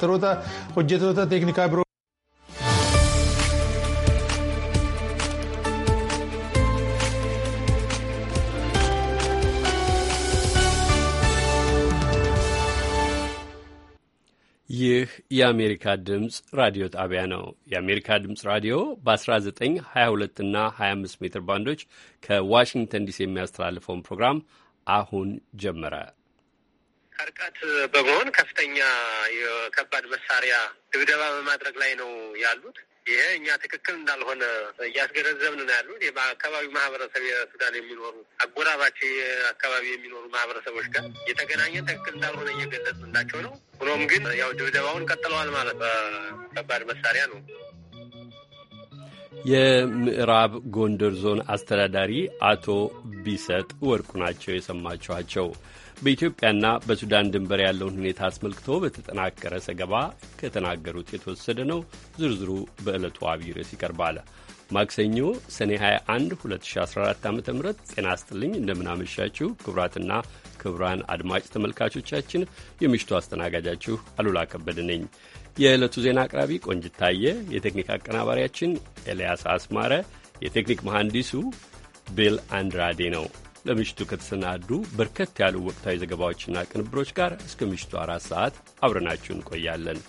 hojjetoota teeknikaa biroo. ይህ የአሜሪካ ድምፅ ራዲዮ ጣቢያ ነው። የአሜሪካ ድምፅ ራዲዮ በ 1922 እና 25 ሜትር ባንዶች ከዋሽንግተን ዲሲ የሚያስተላልፈውን ፕሮግራም አሁን ጀመረ። ከርቀት በመሆን ከፍተኛ የከባድ መሳሪያ ድብደባ በማድረግ ላይ ነው ያሉት። ይሄ እኛ ትክክል እንዳልሆነ እያስገነዘብን ነው ያሉት። በአካባቢው ማህበረሰብ የሱዳን የሚኖሩ አጎራባች አካባቢ የሚኖሩ ማህበረሰቦች ጋር የተገናኘን ትክክል እንዳልሆነ እየገለጽንላቸው ነው። ሆኖም ግን ያው ድብደባውን ቀጥለዋል ማለት በከባድ መሳሪያ ነው። የምዕራብ ጎንደር ዞን አስተዳዳሪ አቶ ቢሰጥ ወርቁ ናቸው የሰማችኋቸው። በኢትዮጵያና በሱዳን ድንበር ያለውን ሁኔታ አስመልክቶ በተጠናከረ ዘገባ ከተናገሩት የተወሰደ ነው። ዝርዝሩ በዕለቱ አብይ ርዕስ ይቀርባል። ማክሰኞ ሰኔ 21 2014 ዓ ም ጤና ስጥልኝ። እንደምናመሻችሁ ክቡራትና ክቡራን አድማጭ ተመልካቾቻችን የምሽቱ አስተናጋጃችሁ አሉላ ከበደ ነኝ። የዕለቱ ዜና አቅራቢ ቆንጅታየ፣ የቴክኒክ አቀናባሪያችን ኤልያስ አስማረ፣ የቴክኒክ መሐንዲሱ ቢል አንድራዴ ነው። ለምሽቱ ከተሰናዱ በርከት ያሉ ወቅታዊ ዘገባዎችና ቅንብሮች ጋር እስከ ምሽቱ አራት ሰዓት አብረናችሁ እንቆያለን።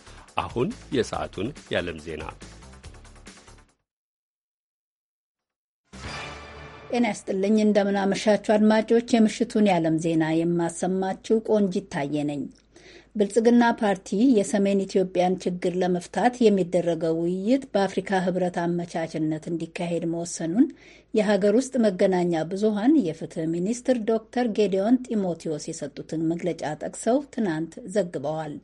አሁን የሰዓቱን የዓለም ዜና። ጤና ያስጥልኝ። እንደምናመሻችሁ አድማጮች፣ የምሽቱን የዓለም ዜና የማሰማችው ቆንጂት ታየ ነኝ። ብልጽግና ፓርቲ የሰሜን ኢትዮጵያን ችግር ለመፍታት የሚደረገው ውይይት በአፍሪካ ሕብረት አመቻችነት እንዲካሄድ መወሰኑን የሀገር ውስጥ መገናኛ ብዙሃን የፍትህ ሚኒስትር ዶክተር ጌዲዮን ጢሞቴዎስ የሰጡትን መግለጫ ጠቅሰው ትናንት ዘግበዋል።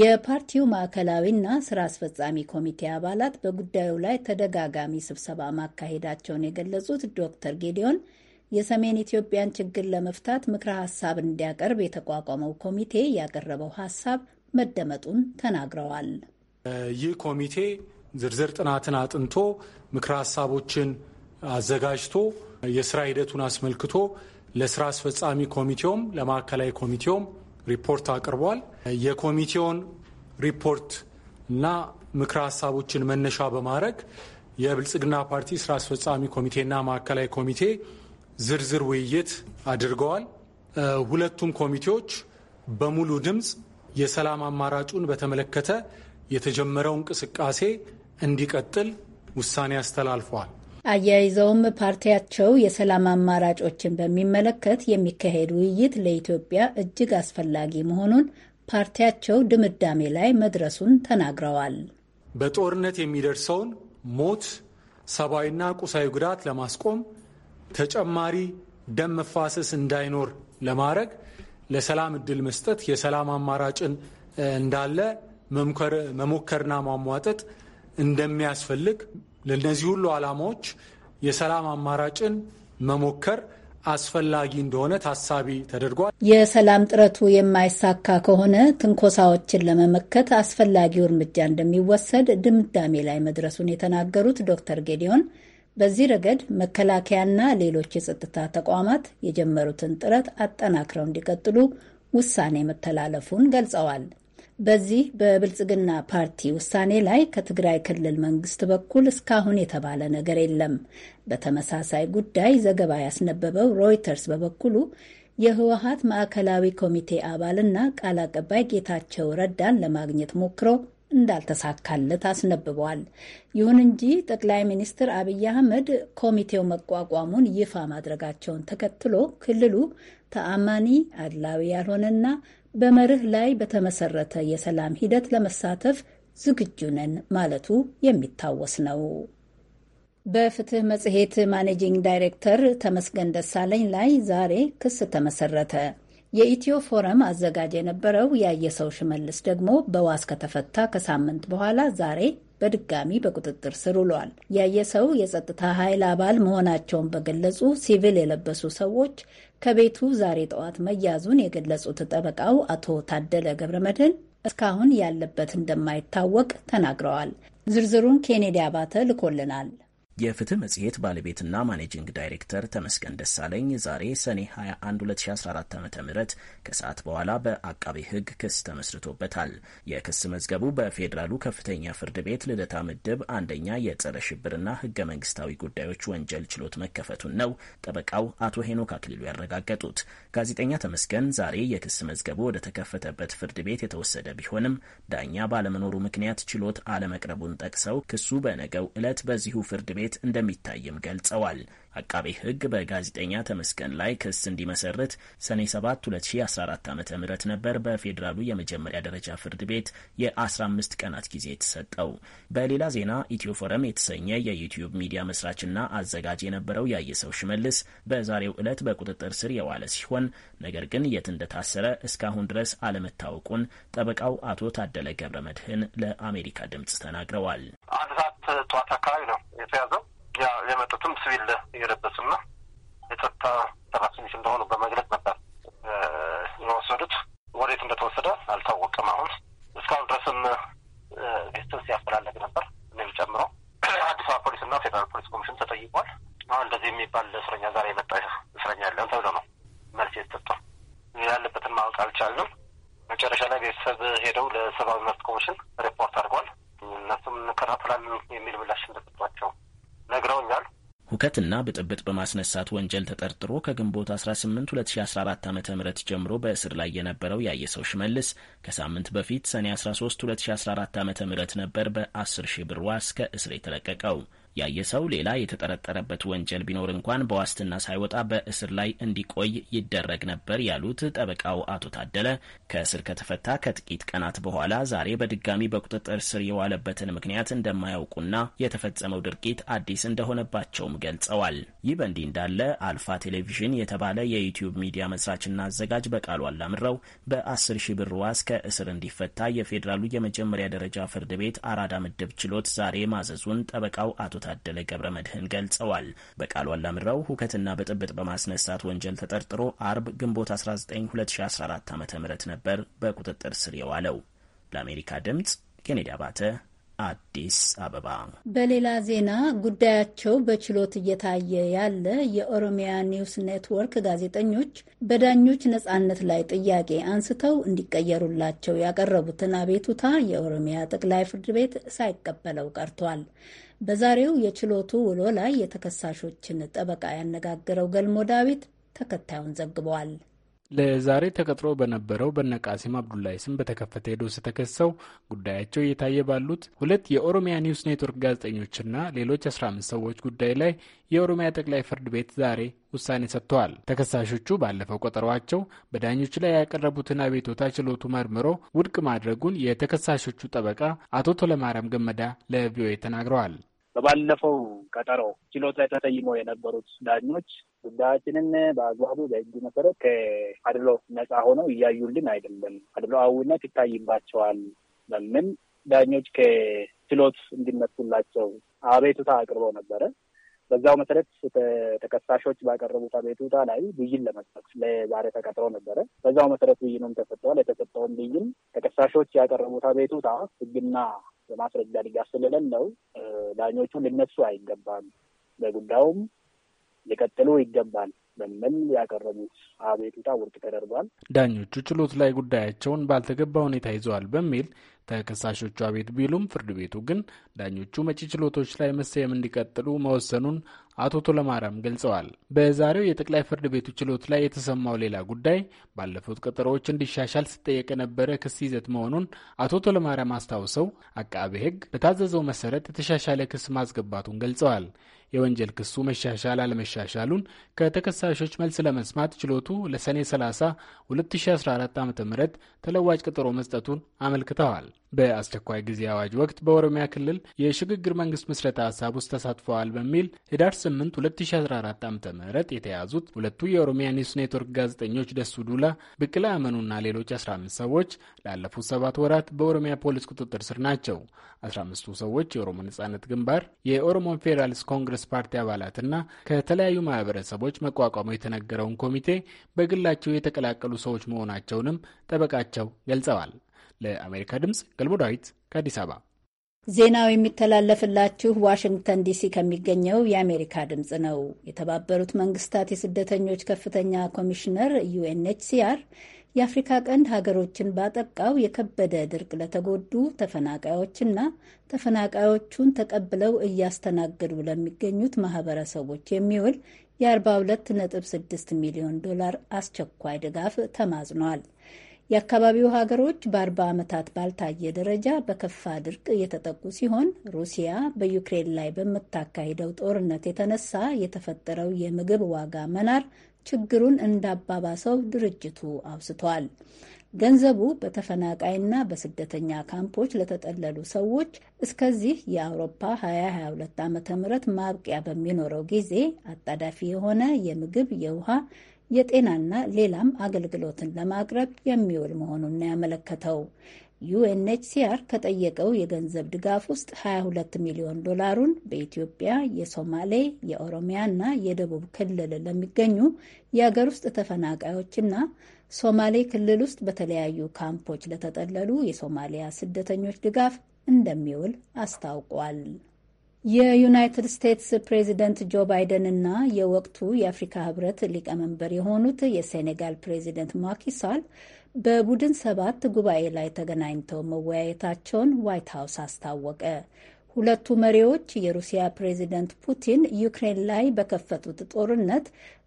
የፓርቲው ማዕከላዊና ስራ አስፈጻሚ ኮሚቴ አባላት በጉዳዩ ላይ ተደጋጋሚ ስብሰባ ማካሄዳቸውን የገለጹት ዶክተር ጌዲዮን የሰሜን ኢትዮጵያን ችግር ለመፍታት ምክረ ሀሳብ እንዲያቀርብ የተቋቋመው ኮሚቴ ያቀረበው ሀሳብ መደመጡን ተናግረዋል። ይህ ኮሚቴ ዝርዝር ጥናትን አጥንቶ ምክረ ሀሳቦችን አዘጋጅቶ የስራ ሂደቱን አስመልክቶ ለስራ አስፈጻሚ ኮሚቴውም ለማዕከላዊ ኮሚቴውም ሪፖርት አቅርቧል። የኮሚቴውን ሪፖርት እና ምክረ ሀሳቦችን መነሻ በማድረግ የብልጽግና ፓርቲ ስራ አስፈጻሚ ኮሚቴና ማዕከላዊ ኮሚቴ ዝርዝር ውይይት አድርገዋል። ሁለቱም ኮሚቴዎች በሙሉ ድምፅ የሰላም አማራጩን በተመለከተ የተጀመረው እንቅስቃሴ እንዲቀጥል ውሳኔ አስተላልፈዋል። አያይዘውም ፓርቲያቸው የሰላም አማራጮችን በሚመለከት የሚካሄድ ውይይት ለኢትዮጵያ እጅግ አስፈላጊ መሆኑን ፓርቲያቸው ድምዳሜ ላይ መድረሱን ተናግረዋል። በጦርነት የሚደርሰውን ሞት፣ ሰብአዊና ቁሳዊ ጉዳት ለማስቆም ተጨማሪ ደም መፋሰስ እንዳይኖር ለማድረግ ለሰላም እድል መስጠት የሰላም አማራጭን እንዳለ መሞከርና ማሟጠጥ እንደሚያስፈልግ ለእነዚህ ሁሉ ዓላማዎች የሰላም አማራጭን መሞከር አስፈላጊ እንደሆነ ታሳቢ ተደርጓል። የሰላም ጥረቱ የማይሳካ ከሆነ ትንኮሳዎችን ለመመከት አስፈላጊው እርምጃ እንደሚወሰድ ድምዳሜ ላይ መድረሱን የተናገሩት ዶክተር ጌዲዮን በዚህ ረገድ መከላከያና ሌሎች የጸጥታ ተቋማት የጀመሩትን ጥረት አጠናክረው እንዲቀጥሉ ውሳኔ መተላለፉን ገልጸዋል። በዚህ በብልጽግና ፓርቲ ውሳኔ ላይ ከትግራይ ክልል መንግስት በኩል እስካሁን የተባለ ነገር የለም። በተመሳሳይ ጉዳይ ዘገባ ያስነበበው ሮይተርስ በበኩሉ የህወሀት ማዕከላዊ ኮሚቴ አባልና ቃል አቀባይ ጌታቸው ረዳን ለማግኘት ሞክሮ እንዳልተሳካለት አስነብበዋል። ይሁን እንጂ ጠቅላይ ሚኒስትር አብይ አህመድ ኮሚቴው መቋቋሙን ይፋ ማድረጋቸውን ተከትሎ ክልሉ ተአማኒ፣ አድላዊ ያልሆነና በመርህ ላይ በተመሰረተ የሰላም ሂደት ለመሳተፍ ዝግጁ ነን ማለቱ የሚታወስ ነው። በፍትህ መጽሔት ማኔጂንግ ዳይሬክተር ተመስገን ደሳለኝ ላይ ዛሬ ክስ ተመሰረተ። የኢትዮ ፎረም አዘጋጅ የነበረው ያየሰው ሽመልስ ደግሞ በዋስ ከተፈታ ከሳምንት በኋላ ዛሬ በድጋሚ በቁጥጥር ስር ውሏል። ያየሰው የጸጥታ ኃይል አባል መሆናቸውን በገለጹ ሲቪል የለበሱ ሰዎች ከቤቱ ዛሬ ጠዋት መያዙን የገለጹት ጠበቃው አቶ ታደለ ገብረመድህን እስካሁን ያለበት እንደማይታወቅ ተናግረዋል። ዝርዝሩን ኬኔዲ አባተ ልኮልናል። የፍትህ መጽሔት ባለቤትና ማኔጂንግ ዳይሬክተር ተመስገን ደሳለኝ ዛሬ ሰኔ 21 2014 ዓ ም ከሰዓት በኋላ በአቃቤ ሕግ ክስ ተመስርቶበታል። የክስ መዝገቡ በፌዴራሉ ከፍተኛ ፍርድ ቤት ልደታ ምድብ አንደኛ የጸረ ሽብርና ህገ መንግስታዊ ጉዳዮች ወንጀል ችሎት መከፈቱን ነው ጠበቃው አቶ ሄኖክ አክሊሉ ያረጋገጡት። ጋዜጠኛ ተመስገን ዛሬ የክስ መዝገቡ ወደ ተከፈተበት ፍርድ ቤት የተወሰደ ቢሆንም ዳኛ ባለመኖሩ ምክንያት ችሎት አለመቅረቡን ጠቅሰው ክሱ በነገው ዕለት በዚሁ ፍርድ ቤት ቤት እንደሚታይም ገልጸዋል። አቃቤ ሕግ በጋዜጠኛ ተመስገን ላይ ክስ እንዲመሰርት ሰኔ 7 2014 ዓ ም ነበር በፌዴራሉ የመጀመሪያ ደረጃ ፍርድ ቤት የ15 ቀናት ጊዜ የተሰጠው። በሌላ ዜና ኢትዮፎረም የተሰኘ የዩትዩብ ሚዲያ መስራችና አዘጋጅ የነበረው ያየሰው ሽመልስ በዛሬው ዕለት በቁጥጥር ስር የዋለ ሲሆን ነገር ግን የት እንደታሰረ እስካሁን ድረስ አለመታወቁን ጠበቃው አቶ ታደለ ገብረ መድህን ለአሜሪካ ድምፅ ተናግረዋል። አንድ ሰዓት ጠዋት አካባቢ ነው የተያዘው ያ የመጡትም ሲቪል የለበሱና የጸጥታ ሰራተኞች እንደሆኑ በመግለጽ ነበር የወሰዱት። ወዴት እንደተወሰደ አልታወቀም። አሁን እስካሁን ድረስም ቤተሰብ ሲያፈላለግ ነበር። እኔም ጨምሮ አዲስ አበባ ፖሊስ ፌዴራል ፖሊስ ኮሚሽን ተጠይቋል። አሁን እንደዚህ የሚባል እስረኛ ዛሬ የመጣ እስረኛ ያለን ተብሎ ነው መልስ የተሰጠው። ያለበትን ማወቅ አልቻልንም። መጨረሻ ላይ ቤተሰብ ሄደው ለሰብአዊ መብት ኮሚሽን ሪፖርት እነሱም እንከታተላለን የሚል ምላሽ እንደሰጧቸው ነግረውኛል። ሁከትና ብጥብጥ በማስነሳት ወንጀል ተጠርጥሮ ከግንቦት 18 2014 ዓ ም ጀምሮ በእስር ላይ የነበረው ያየሰው ሽመልስ ከሳምንት በፊት ሰኔ 13 2014 ዓ ም ነበር በ10 ሺህ ብር ዋስ ከእስር የተለቀቀው። ያየ ሰው ሌላ የተጠረጠረበት ወንጀል ቢኖር እንኳን በዋስትና ሳይወጣ በእስር ላይ እንዲቆይ ይደረግ ነበር ያሉት ጠበቃው አቶ ታደለ ከእስር ከተፈታ ከጥቂት ቀናት በኋላ ዛሬ በድጋሚ በቁጥጥር ስር የዋለበትን ምክንያት እንደማያውቁና የተፈጸመው ድርጊት አዲስ እንደሆነባቸውም ገልጸዋል። ይህ በእንዲህ እንዳለ አልፋ ቴሌቪዥን የተባለ የዩቲዩብ ሚዲያ መስራችና አዘጋጅ በቃሉ አላምረው በ10 ሺህ ብር ዋስ ከእስር እንዲፈታ የፌዴራሉ የመጀመሪያ ደረጃ ፍርድ ቤት አራዳ ምድብ ችሎት ዛሬ ማዘዙን ጠበቃው አቶ ታደለ ገብረ መድህን ገልጸዋል። በቃሉ አላምራው ሁከትና ብጥብጥ በማስነሳት ወንጀል ተጠርጥሮ አርብ ግንቦት 19 2014 ዓ ም ነበር በቁጥጥር ስር የዋለው። ለአሜሪካ ድምጽ ኬኔዲ አባተ አዲስ አበባ። በሌላ ዜና ጉዳያቸው በችሎት እየታየ ያለ የኦሮሚያ ኒውስ ኔትወርክ ጋዜጠኞች በዳኞች ነጻነት ላይ ጥያቄ አንስተው እንዲቀየሩላቸው ያቀረቡትን አቤቱታ የኦሮሚያ ጠቅላይ ፍርድ ቤት ሳይቀበለው ቀርቷል። በዛሬው የችሎቱ ውሎ ላይ የተከሳሾችን ጠበቃ ያነጋገረው ገልሞ ዳዊት ተከታዩን ዘግቧል። ለዛሬ ተቀጥሮ በነበረው በነቃሲም አብዱላይ ስም በተከፈተ ዶስ ተከሰው ጉዳያቸው እየታየ ባሉት ሁለት የኦሮሚያ ኒውስ ኔትወርክ ጋዜጠኞችና ሌሎች 15 ሰዎች ጉዳይ ላይ የኦሮሚያ ጠቅላይ ፍርድ ቤት ዛሬ ውሳኔ ሰጥተዋል። ተከሳሾቹ ባለፈው ቀጠሯቸው በዳኞች ላይ ያቀረቡትን አቤቶታ ችሎቱ መርምሮ ውድቅ ማድረጉን የተከሳሾቹ ጠበቃ አቶ ቶለማርያም ገመዳ ለቪኦኤ ተናግረዋል። በባለፈው ቀጠሮ ችሎት ላይ ተሰይመው የነበሩት ዳኞች ጉዳያችንን በአግባቡ በሕግ መሰረት ከአድሎ ነፃ ሆነው እያዩልን አይደለም፣ አዊነት ይታይባቸዋል በምን ዳኞች ከችሎት እንዲነሱላቸው አቤቱታ አቅርበው ነበረ። በዛው መሰረት ተከሳሾች ባቀረቡት አቤቱታ ላይ ብይን ለመስጠት ለዛሬ ተቀጥሮ ነበረ። በዛው መሰረት ብይኑም ተሰጥተዋል። የተሰጠውን ብይን ተከሳሾች ያቀረቡት አቤቱታ ህግና የማስረጃ ድጋፍ ነው፣ ዳኞቹ ሊነሱ አይገባም፣ በጉዳዩም ሊቀጥሉ ይገባል በሚል ያቀረቡት አቤቱታ ውድቅ ተደርጓል። ዳኞቹ ችሎት ላይ ጉዳያቸውን ባልተገባ ሁኔታ ይዘዋል በሚል ተከሳሾቹ አቤት ቢሉም ፍርድ ቤቱ ግን ዳኞቹ መጪ ችሎቶች ላይ መሰየም እንዲቀጥሉ መወሰኑን አቶ ቶለማርያም ገልጸዋል። በዛሬው የጠቅላይ ፍርድ ቤቱ ችሎት ላይ የተሰማው ሌላ ጉዳይ ባለፉት ቀጠሮዎች እንዲሻሻል ሲጠየቅ የነበረ ክስ ይዘት መሆኑን አቶ ቶለማርያም አስታውሰው አቃቤ ሕግ በታዘዘው መሰረት የተሻሻለ ክስ ማስገባቱን ገልጸዋል። የወንጀል ክሱ መሻሻል አለመሻሻሉን ከተከሳሾች መልስ ለመስማት ችሎቱ ለሰኔ 30 2014 ዓ ም ተለዋጭ ቀጠሮ መስጠቱን አመልክተዋል። በአስቸኳይ ጊዜ አዋጅ ወቅት በኦሮሚያ ክልል የሽግግር መንግስት ምስረታ ሀሳብ ውስጥ ተሳትፈዋል በሚል ህዳር 8 2014 ዓ ም የተያዙት ሁለቱ የኦሮሚያ ኒውስ ኔትወርክ ጋዜጠኞች ደሱ ዱላ፣ ብቅላ አመኑና ሌሎች 15 ሰዎች ላለፉት ሰባት ወራት በኦሮሚያ ፖሊስ ቁጥጥር ስር ናቸው። 15ቱ ሰዎች የኦሮሞ ነጻነት ግንባር፣ የኦሮሞ ፌዴራልስ ኮንግረስ የኮሚኒስት ፓርቲ አባላትና ከተለያዩ ማህበረሰቦች መቋቋሙ የተነገረውን ኮሚቴ በግላቸው የተቀላቀሉ ሰዎች መሆናቸውንም ጠበቃቸው ገልጸዋል። ለአሜሪካ ድምፅ ገልሞ ዳዊት ከአዲስ አበባ። ዜናው የሚተላለፍላችሁ ዋሽንግተን ዲሲ ከሚገኘው የአሜሪካ ድምፅ ነው። የተባበሩት መንግስታት የስደተኞች ከፍተኛ ኮሚሽነር ዩኤንኤችሲአር የአፍሪካ ቀንድ ሀገሮችን ባጠቃው የከበደ ድርቅ ለተጎዱ ተፈናቃዮችና ተፈናቃዮቹን ተቀብለው እያስተናገዱ ለሚገኙት ማህበረሰቦች የሚውል የ42.6 ሚሊዮን ዶላር አስቸኳይ ድጋፍ ተማጽኗል። የአካባቢው ሀገሮች በ40 ዓመታት ባልታየ ደረጃ በከፋ ድርቅ የተጠቁ ሲሆን ሩሲያ በዩክሬን ላይ በምታካሂደው ጦርነት የተነሳ የተፈጠረው የምግብ ዋጋ መናር ችግሩን እንዳባባሰው ድርጅቱ አውስቷል። ገንዘቡ በተፈናቃይና በስደተኛ ካምፖች ለተጠለሉ ሰዎች እስከዚህ የአውሮፓ 2022 ዓ ም ማብቂያ በሚኖረው ጊዜ አጣዳፊ የሆነ የምግብ፣ የውሃ፣ የጤናና ሌላም አገልግሎትን ለማቅረብ የሚውል መሆኑን ያመለከተው ዩኤንኤችሲአር ከጠየቀው የገንዘብ ድጋፍ ውስጥ 22 ሚሊዮን ዶላሩን በኢትዮጵያ የሶማሌ፣ የኦሮሚያና የደቡብ ክልል ለሚገኙ የአገር ውስጥ ተፈናቃዮችና ሶማሌ ክልል ውስጥ በተለያዩ ካምፖች ለተጠለሉ የሶማሊያ ስደተኞች ድጋፍ እንደሚውል አስታውቋል። የዩናይትድ ስቴትስ ፕሬዚደንት ጆ ባይደን እና የወቅቱ የአፍሪካ ህብረት ሊቀመንበር የሆኑት የሴኔጋል ፕሬዚደንት ማኪሳል በቡድን ሰባት ጉባኤ ላይ ተገናኝተው መወያየታቸውን ዋይት ሀውስ አስታወቀ። ሁለቱ መሪዎች የሩሲያ ፕሬዚደንት ፑቲን ዩክሬን ላይ በከፈቱት ጦርነት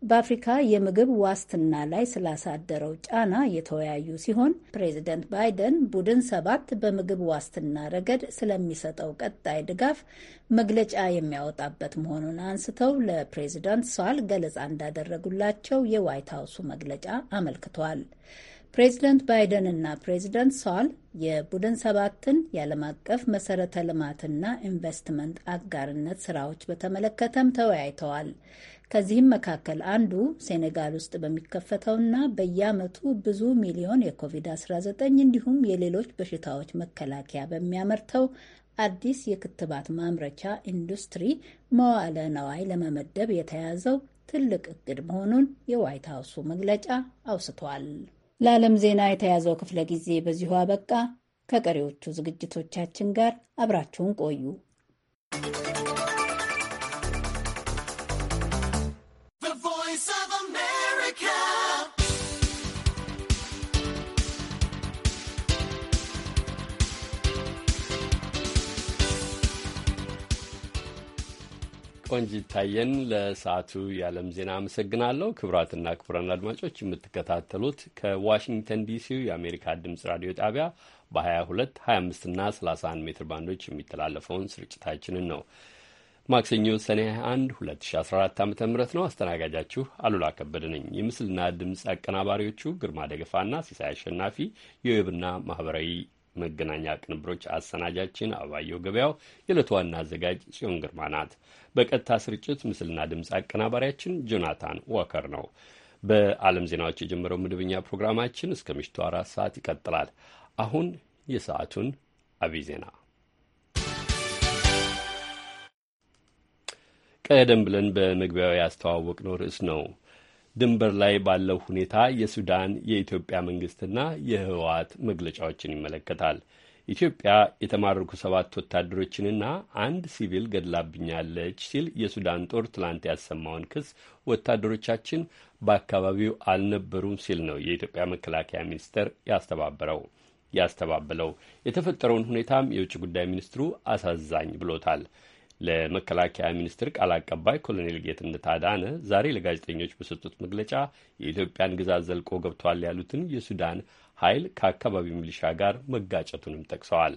በአፍሪካ የምግብ ዋስትና ላይ ስላሳደረው ጫና የተወያዩ ሲሆን ፕሬዚደንት ባይደን ቡድን ሰባት በምግብ ዋስትና ረገድ ስለሚሰጠው ቀጣይ ድጋፍ መግለጫ የሚያወጣበት መሆኑን አንስተው ለፕሬዚደንት ሷል ገለጻ እንዳደረጉላቸው የዋይት ሀውሱ መግለጫ አመልክቷል። ፕሬዚደንት ባይደን እና ፕሬዚደንት ሶል የቡድን ሰባትን የዓለም አቀፍ መሰረተ ልማትና ኢንቨስትመንት አጋርነት ስራዎች በተመለከተም ተወያይተዋል። ከዚህም መካከል አንዱ ሴኔጋል ውስጥ በሚከፈተውና በየዓመቱ ብዙ ሚሊዮን የኮቪድ-19 እንዲሁም የሌሎች በሽታዎች መከላከያ በሚያመርተው አዲስ የክትባት ማምረቻ ኢንዱስትሪ መዋዕለ ነዋይ ለመመደብ የተያዘው ትልቅ እቅድ መሆኑን የዋይት ሀውሱ መግለጫ አውስቷል። ለዓለም ዜና የተያዘው ክፍለ ጊዜ በዚሁ አበቃ። ከቀሪዎቹ ዝግጅቶቻችን ጋር አብራችሁን ቆዩ። ቆንጅ ይታየን ለሰዓቱ የዓለም ዜና አመሰግናለሁ። ክቡራትና ክቡራን አድማጮች የምትከታተሉት ከዋሽንግተን ዲሲው የአሜሪካ ድምጽ ራዲዮ ጣቢያ በ22፣ 25ና 31 ሜትር ባንዶች የሚተላለፈውን ስርጭታችንን ነው። ማክሰኞ ሰኔ 21 2014 ዓ ም ነው። አስተናጋጃችሁ አሉላ ከበደ ነኝ። የምስልና ድምፅ አቀናባሪዎቹ ግርማ ደገፋና ሲሳይ አሸናፊ፣ የዌብና ማህበራዊ መገናኛ ቅንብሮች አሰናጃችን አባየው ገበያው፣ የዕለቱ ዋና አዘጋጅ ጽዮን ግርማ ናት። በቀጥታ ስርጭት ምስልና ድምፅ አቀናባሪያችን ጆናታን ዋከር ነው። በዓለም ዜናዎች የጀመረው መደበኛ ፕሮግራማችን እስከ ምሽቱ አራት ሰዓት ይቀጥላል። አሁን የሰዓቱን አብይ ዜና ቀደም ብለን በመግቢያው ያስተዋወቅነው ርዕስ ነው። ድንበር ላይ ባለው ሁኔታ የሱዳን የኢትዮጵያ መንግስትና የህወሓት መግለጫዎችን ይመለከታል። ኢትዮጵያ የተማረኩ ሰባት ወታደሮችንና አንድ ሲቪል ገድላብኛለች ሲል የሱዳን ጦር ትላንት ያሰማውን ክስ ወታደሮቻችን በአካባቢው አልነበሩም ሲል ነው የኢትዮጵያ መከላከያ ሚኒስቴር ያስተባበረው ያስተባበለው። የተፈጠረውን ሁኔታም የውጭ ጉዳይ ሚኒስትሩ አሳዛኝ ብሎታል። ለመከላከያ ሚኒስትር ቃል አቀባይ ኮሎኔል ጌትነት አዳነ ዛሬ ለጋዜጠኞች በሰጡት መግለጫ የኢትዮጵያን ግዛት ዘልቆ ገብቷል ያሉትን የሱዳን ኃይል ከአካባቢው ሚሊሻ ጋር መጋጨቱንም ጠቅሰዋል።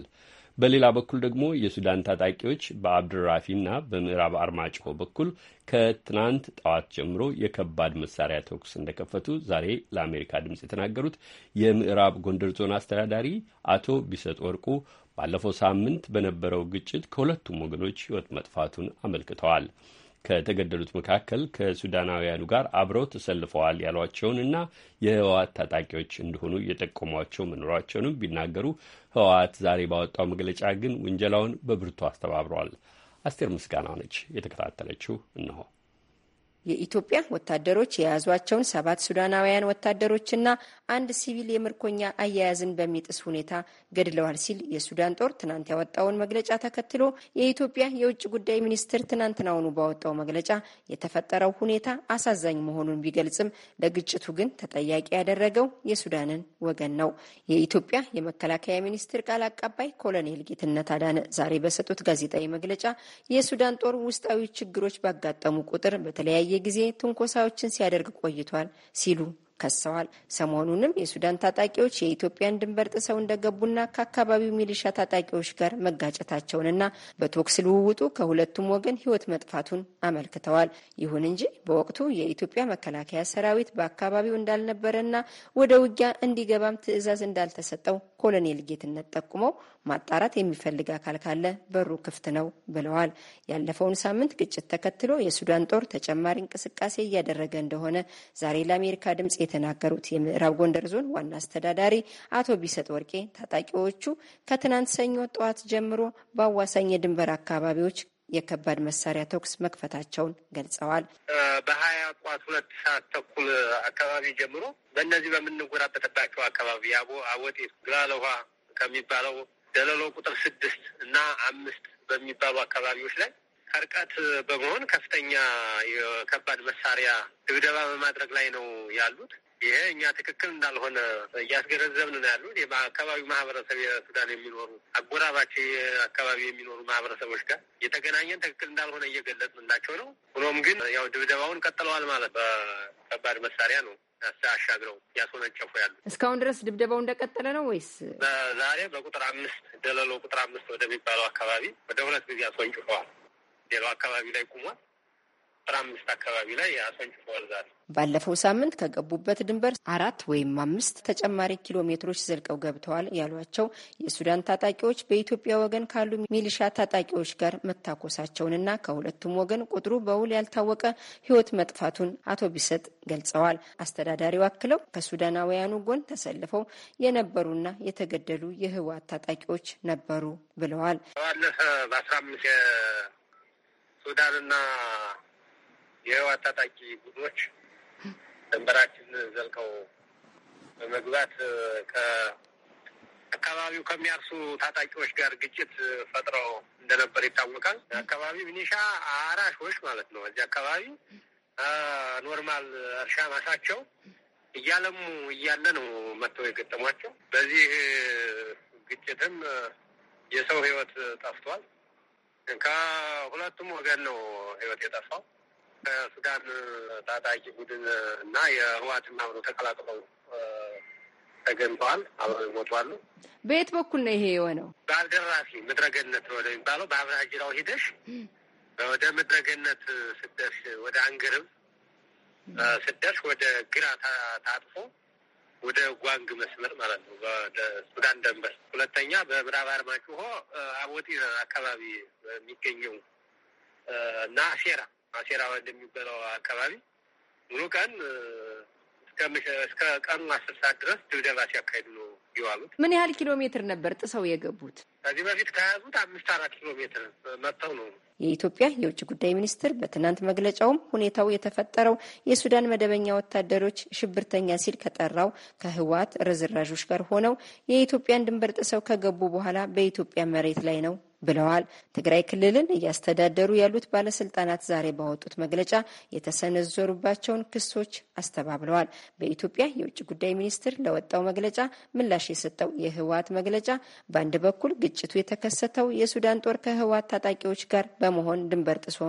በሌላ በኩል ደግሞ የሱዳን ታጣቂዎች በአብድራፊና በምዕራብ አርማጭሆ በኩል ከትናንት ጠዋት ጀምሮ የከባድ መሳሪያ ተኩስ እንደከፈቱ ዛሬ ለአሜሪካ ድምፅ የተናገሩት የምዕራብ ጎንደር ዞን አስተዳዳሪ አቶ ቢሰጥ ወርቁ ባለፈው ሳምንት በነበረው ግጭት ከሁለቱም ወገኖች ሕይወት መጥፋቱን አመልክተዋል። ከተገደሉት መካከል ከሱዳናውያኑ ጋር አብረው ተሰልፈዋል ያሏቸውንና የህወሓት ታጣቂዎች እንደሆኑ የጠቆሟቸው መኖራቸውንም ቢናገሩ ህወሓት ዛሬ ባወጣው መግለጫ ግን ውንጀላውን በብርቱ አስተባብረዋል። አስቴር ምስጋናው ነች የተከታተለችው። እነሆ የኢትዮጵያ ወታደሮች የያዟቸውን ሰባት ሱዳናውያን ወታደሮችና አንድ ሲቪል የምርኮኛ አያያዝን በሚጥስ ሁኔታ ገድለዋል ሲል የሱዳን ጦር ትናንት ያወጣውን መግለጫ ተከትሎ የኢትዮጵያ የውጭ ጉዳይ ሚኒስትር ትናንትናውኑ ባወጣው መግለጫ የተፈጠረው ሁኔታ አሳዛኝ መሆኑን ቢገልጽም ለግጭቱ ግን ተጠያቂ ያደረገው የሱዳንን ወገን ነው። የኢትዮጵያ የመከላከያ ሚኒስትር ቃል አቀባይ ኮሎኔል ጌትነት አዳነ ዛሬ በሰጡት ጋዜጣዊ መግለጫ የሱዳን ጦር ውስጣዊ ችግሮች ባጋጠሙ ቁጥር በተለያየ በተለያየ ጊዜ ትንኮሳዎችን ሲያደርግ ቆይቷል ሲሉ ከሰዋል። ሰሞኑንም የሱዳን ታጣቂዎች የኢትዮጵያን ድንበር ጥሰው እንደገቡና ከአካባቢው ሚሊሻ ታጣቂዎች ጋር መጋጨታቸውንና በተኩስ ልውውጡ ከሁለቱም ወገን ሕይወት መጥፋቱን አመልክተዋል። ይሁን እንጂ በወቅቱ የኢትዮጵያ መከላከያ ሰራዊት በአካባቢው እንዳልነበረና ወደ ውጊያ እንዲገባም ትዕዛዝ እንዳልተሰጠው ኮሎኔል ጌትነት ጠቁመው ማጣራት የሚፈልግ አካል ካለ በሩ ክፍት ነው ብለዋል። ያለፈውን ሳምንት ግጭት ተከትሎ የሱዳን ጦር ተጨማሪ እንቅስቃሴ እያደረገ እንደሆነ ዛሬ ለአሜሪካ ድምጽ የተናገሩት የምዕራብ ጎንደር ዞን ዋና አስተዳዳሪ አቶ ቢሰጥ ወርቄ ታጣቂዎቹ ከትናንት ሰኞ ጠዋት ጀምሮ በአዋሳኝ የድንበር አካባቢዎች የከባድ መሳሪያ ተኩስ መክፈታቸውን ገልጸዋል። በሀያ ቋት ሁለት ሰዓት ተኩል አካባቢ ጀምሮ በእነዚህ በምንጎራበትባቸው አካባቢ ግላለ ውሃ ከሚባለው ደለሎ ቁጥር ስድስት እና አምስት በሚባሉ አካባቢዎች ላይ ከርቀት በመሆን ከፍተኛ የከባድ መሳሪያ ድብደባ በማድረግ ላይ ነው ያሉት። ይሄ እኛ ትክክል እንዳልሆነ እያስገነዘብን ነው ያሉት። የአካባቢው ማህበረሰብ የሱዳን የሚኖሩ አጎራባች አካባቢ የሚኖሩ ማህበረሰቦች ጋር የተገናኘን ትክክል እንዳልሆነ እየገለጽንላቸው ነው። ሆኖም ግን ያው ድብደባውን ቀጥለዋል። ማለት በከባድ መሳሪያ ነው አሻግረው ያስወነጨፉ ያሉ። እስካሁን ድረስ ድብደባው እንደቀጠለ ነው ወይስ? ዛሬ በቁጥር አምስት ደለሎ ቁጥር አምስት ወደሚባለው አካባቢ ወደ ሁለት ጊዜ አስወንጭፈዋል። ሌላው አካባቢ ላይ ቁሟል። አስራ አምስት አካባቢ ላይ አስወንጭፈዋል። ዛሬ ባለፈው ሳምንት ከገቡበት ድንበር አራት ወይም አምስት ተጨማሪ ኪሎ ሜትሮች ዘልቀው ገብተዋል ያሏቸው የሱዳን ታጣቂዎች በኢትዮጵያ ወገን ካሉ ሚሊሻ ታጣቂዎች ጋር መታኮሳቸውንና ከሁለቱም ወገን ቁጥሩ በውል ያልታወቀ ሕይወት መጥፋቱን አቶ ቢሰጥ ገልጸዋል። አስተዳዳሪው አክለው ከሱዳናውያኑ ጎን ተሰልፈው የነበሩና የተገደሉ የህወሓት ታጣቂዎች ነበሩ ብለዋል። ባለፈ በአስራ አምስት ሱዳንና የህወሓት ታጣቂ ቡድኖች ድንበራችን ዘልቀው በመግባት ከአካባቢው ከሚያርሱ ታጣቂዎች ጋር ግጭት ፈጥረው እንደነበር ይታወቃል። አካባቢ ሚኒሻ አራሾች ማለት ነው። እዚህ አካባቢ ኖርማል እርሻ ማሳቸው እያለሙ እያለ ነው መጥተው የገጠሟቸው። በዚህ ግጭትም የሰው ህይወት ጠፍቷል። ከሁለቱም ወገን ነው ህይወት የጠፋው። ከሱዳን ታጣቂ ቡድን እና የህዋትን አብሮ ተቀላቅለው ተገኝተዋል። አብረው ይሞቷሉ። በየት በኩል ነው ይሄ የሆነው? በአልደራሲ ምድረገነት ወደሚባለው በአብራጅራው ሂደሽ ወደ ምድረገነት ስደርሽ ወደ አንግርም ስደርሽ ወደ ግራ ታጥፎ ወደ ጓንግ መስመር ማለት ነው፣ ወደ ሱዳን ደንበር። ሁለተኛ በምዕራብ አርማጭሆ አቦቲ አካባቢ የሚገኘው እና አሴራ አሴራ እንደሚበላው አካባቢ ሙሉ ቀን እስከ ቀኑ አስር ሰዓት ድረስ ድብደባ ሲያካሂዱ ነው የዋሉት። ምን ያህል ኪሎ ሜትር ነበር ጥሰው የገቡት? ከዚህ በፊት ከያዙት አምስት አራት ኪሎ ሜትር መጥተው ነው። የኢትዮጵያ የውጭ ጉዳይ ሚኒስትር በትናንት መግለጫውም ሁኔታው የተፈጠረው የሱዳን መደበኛ ወታደሮች ሽብርተኛ ሲል ከጠራው ከህወሓት ርዝራዦች ጋር ሆነው የኢትዮጵያን ድንበር ጥሰው ከገቡ በኋላ በኢትዮጵያ መሬት ላይ ነው ብለዋል። ትግራይ ክልልን እያስተዳደሩ ያሉት ባለስልጣናት ዛሬ ባወጡት መግለጫ የተሰነዘሩባቸውን ክሶች አስተባብለዋል። በኢትዮጵያ የውጭ ጉዳይ ሚኒስቴር ለወጣው መግለጫ ምላሽ የሰጠው የህወሀት መግለጫ በአንድ በኩል ግጭቱ የተከሰተው የሱዳን ጦር ከህወሀት ታጣቂዎች ጋር በመሆን ድንበር ጥሶ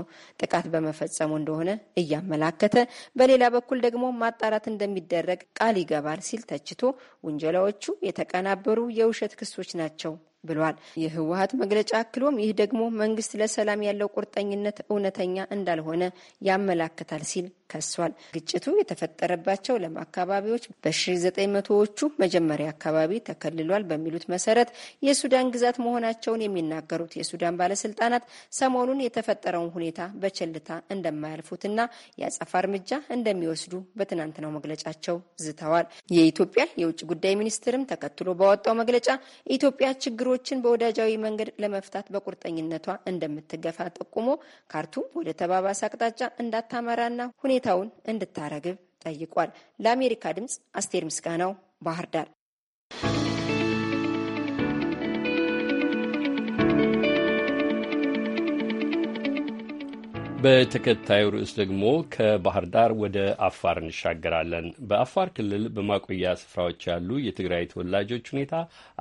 ጥቃት በመፈጸሙ እንደሆነ እያመላከተ፣ በሌላ በኩል ደግሞ ማጣራት እንደሚደረግ ቃል ይገባል ሲል ተችቶ ውንጀላዎቹ የተቀናበሩ የውሸት ክሶች ናቸው ብሏል። የህወሀት መግለጫ አክሎም ይህ ደግሞ መንግስት ለሰላም ያለው ቁርጠኝነት እውነተኛ እንዳልሆነ ያመላክታል ሲል ከሷል። ግጭቱ የተፈጠረባቸው ለም አካባቢዎች በ1900ዎቹ መጀመሪያ አካባቢ ተከልሏል በሚሉት መሰረት የሱዳን ግዛት መሆናቸውን የሚናገሩት የሱዳን ባለስልጣናት ሰሞኑን የተፈጠረውን ሁኔታ በቸልታ እንደማያልፉትና የአጸፋ እርምጃ እንደሚወስዱ በትናንትናው መግለጫቸው ዝተዋል። የኢትዮጵያ የውጭ ጉዳይ ሚኒስትርም ተከትሎ ባወጣው መግለጫ ኢትዮጵያ ችግሮችን በወዳጃዊ መንገድ ለመፍታት በቁርጠኝነቷ እንደምትገፋ ጠቁሞ ካርቱም ወደ ተባባሰ አቅጣጫ እንዳታመራና ሁኔታ ሁኔታውን እንድታረግብ ጠይቋል። ለአሜሪካ ድምፅ አስቴር ምስጋናው ባህር ዳር። በተከታዩ ርዕስ ደግሞ ከባህር ዳር ወደ አፋር እንሻገራለን። በአፋር ክልል በማቆያ ስፍራዎች ያሉ የትግራይ ተወላጆች ሁኔታ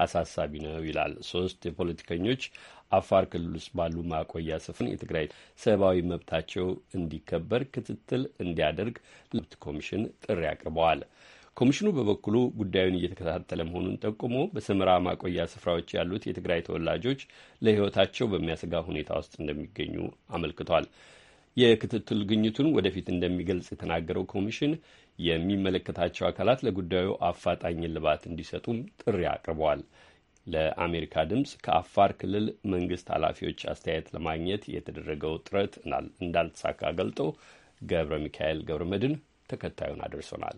አሳሳቢ ነው ይላል ሶስት የፖለቲከኞች አፋር ክልል ውስጥ ባሉ ማቆያ ስፍን የትግራይ ሰብአዊ መብታቸው እንዲከበር ክትትል እንዲያደርግ ለመብት ኮሚሽን ጥሪ አቅርበዋል። ኮሚሽኑ በበኩሉ ጉዳዩን እየተከታተለ መሆኑን ጠቁሞ በሰመራ ማቆያ ስፍራዎች ያሉት የትግራይ ተወላጆች ለሕይወታቸው በሚያሰጋ ሁኔታ ውስጥ እንደሚገኙ አመልክቷል። የክትትል ግኝቱን ወደፊት እንደሚገልጽ የተናገረው ኮሚሽን የሚመለከታቸው አካላት ለጉዳዩ አፋጣኝ እልባት እንዲሰጡም ጥሪ አቅርበዋል። ለአሜሪካ ድምፅ ከአፋር ክልል መንግስት ኃላፊዎች አስተያየት ለማግኘት የተደረገው ጥረት እንዳልተሳካ ገልጦ ገብረ ሚካኤል ገብረ መድን ተከታዩን አድርሶናል።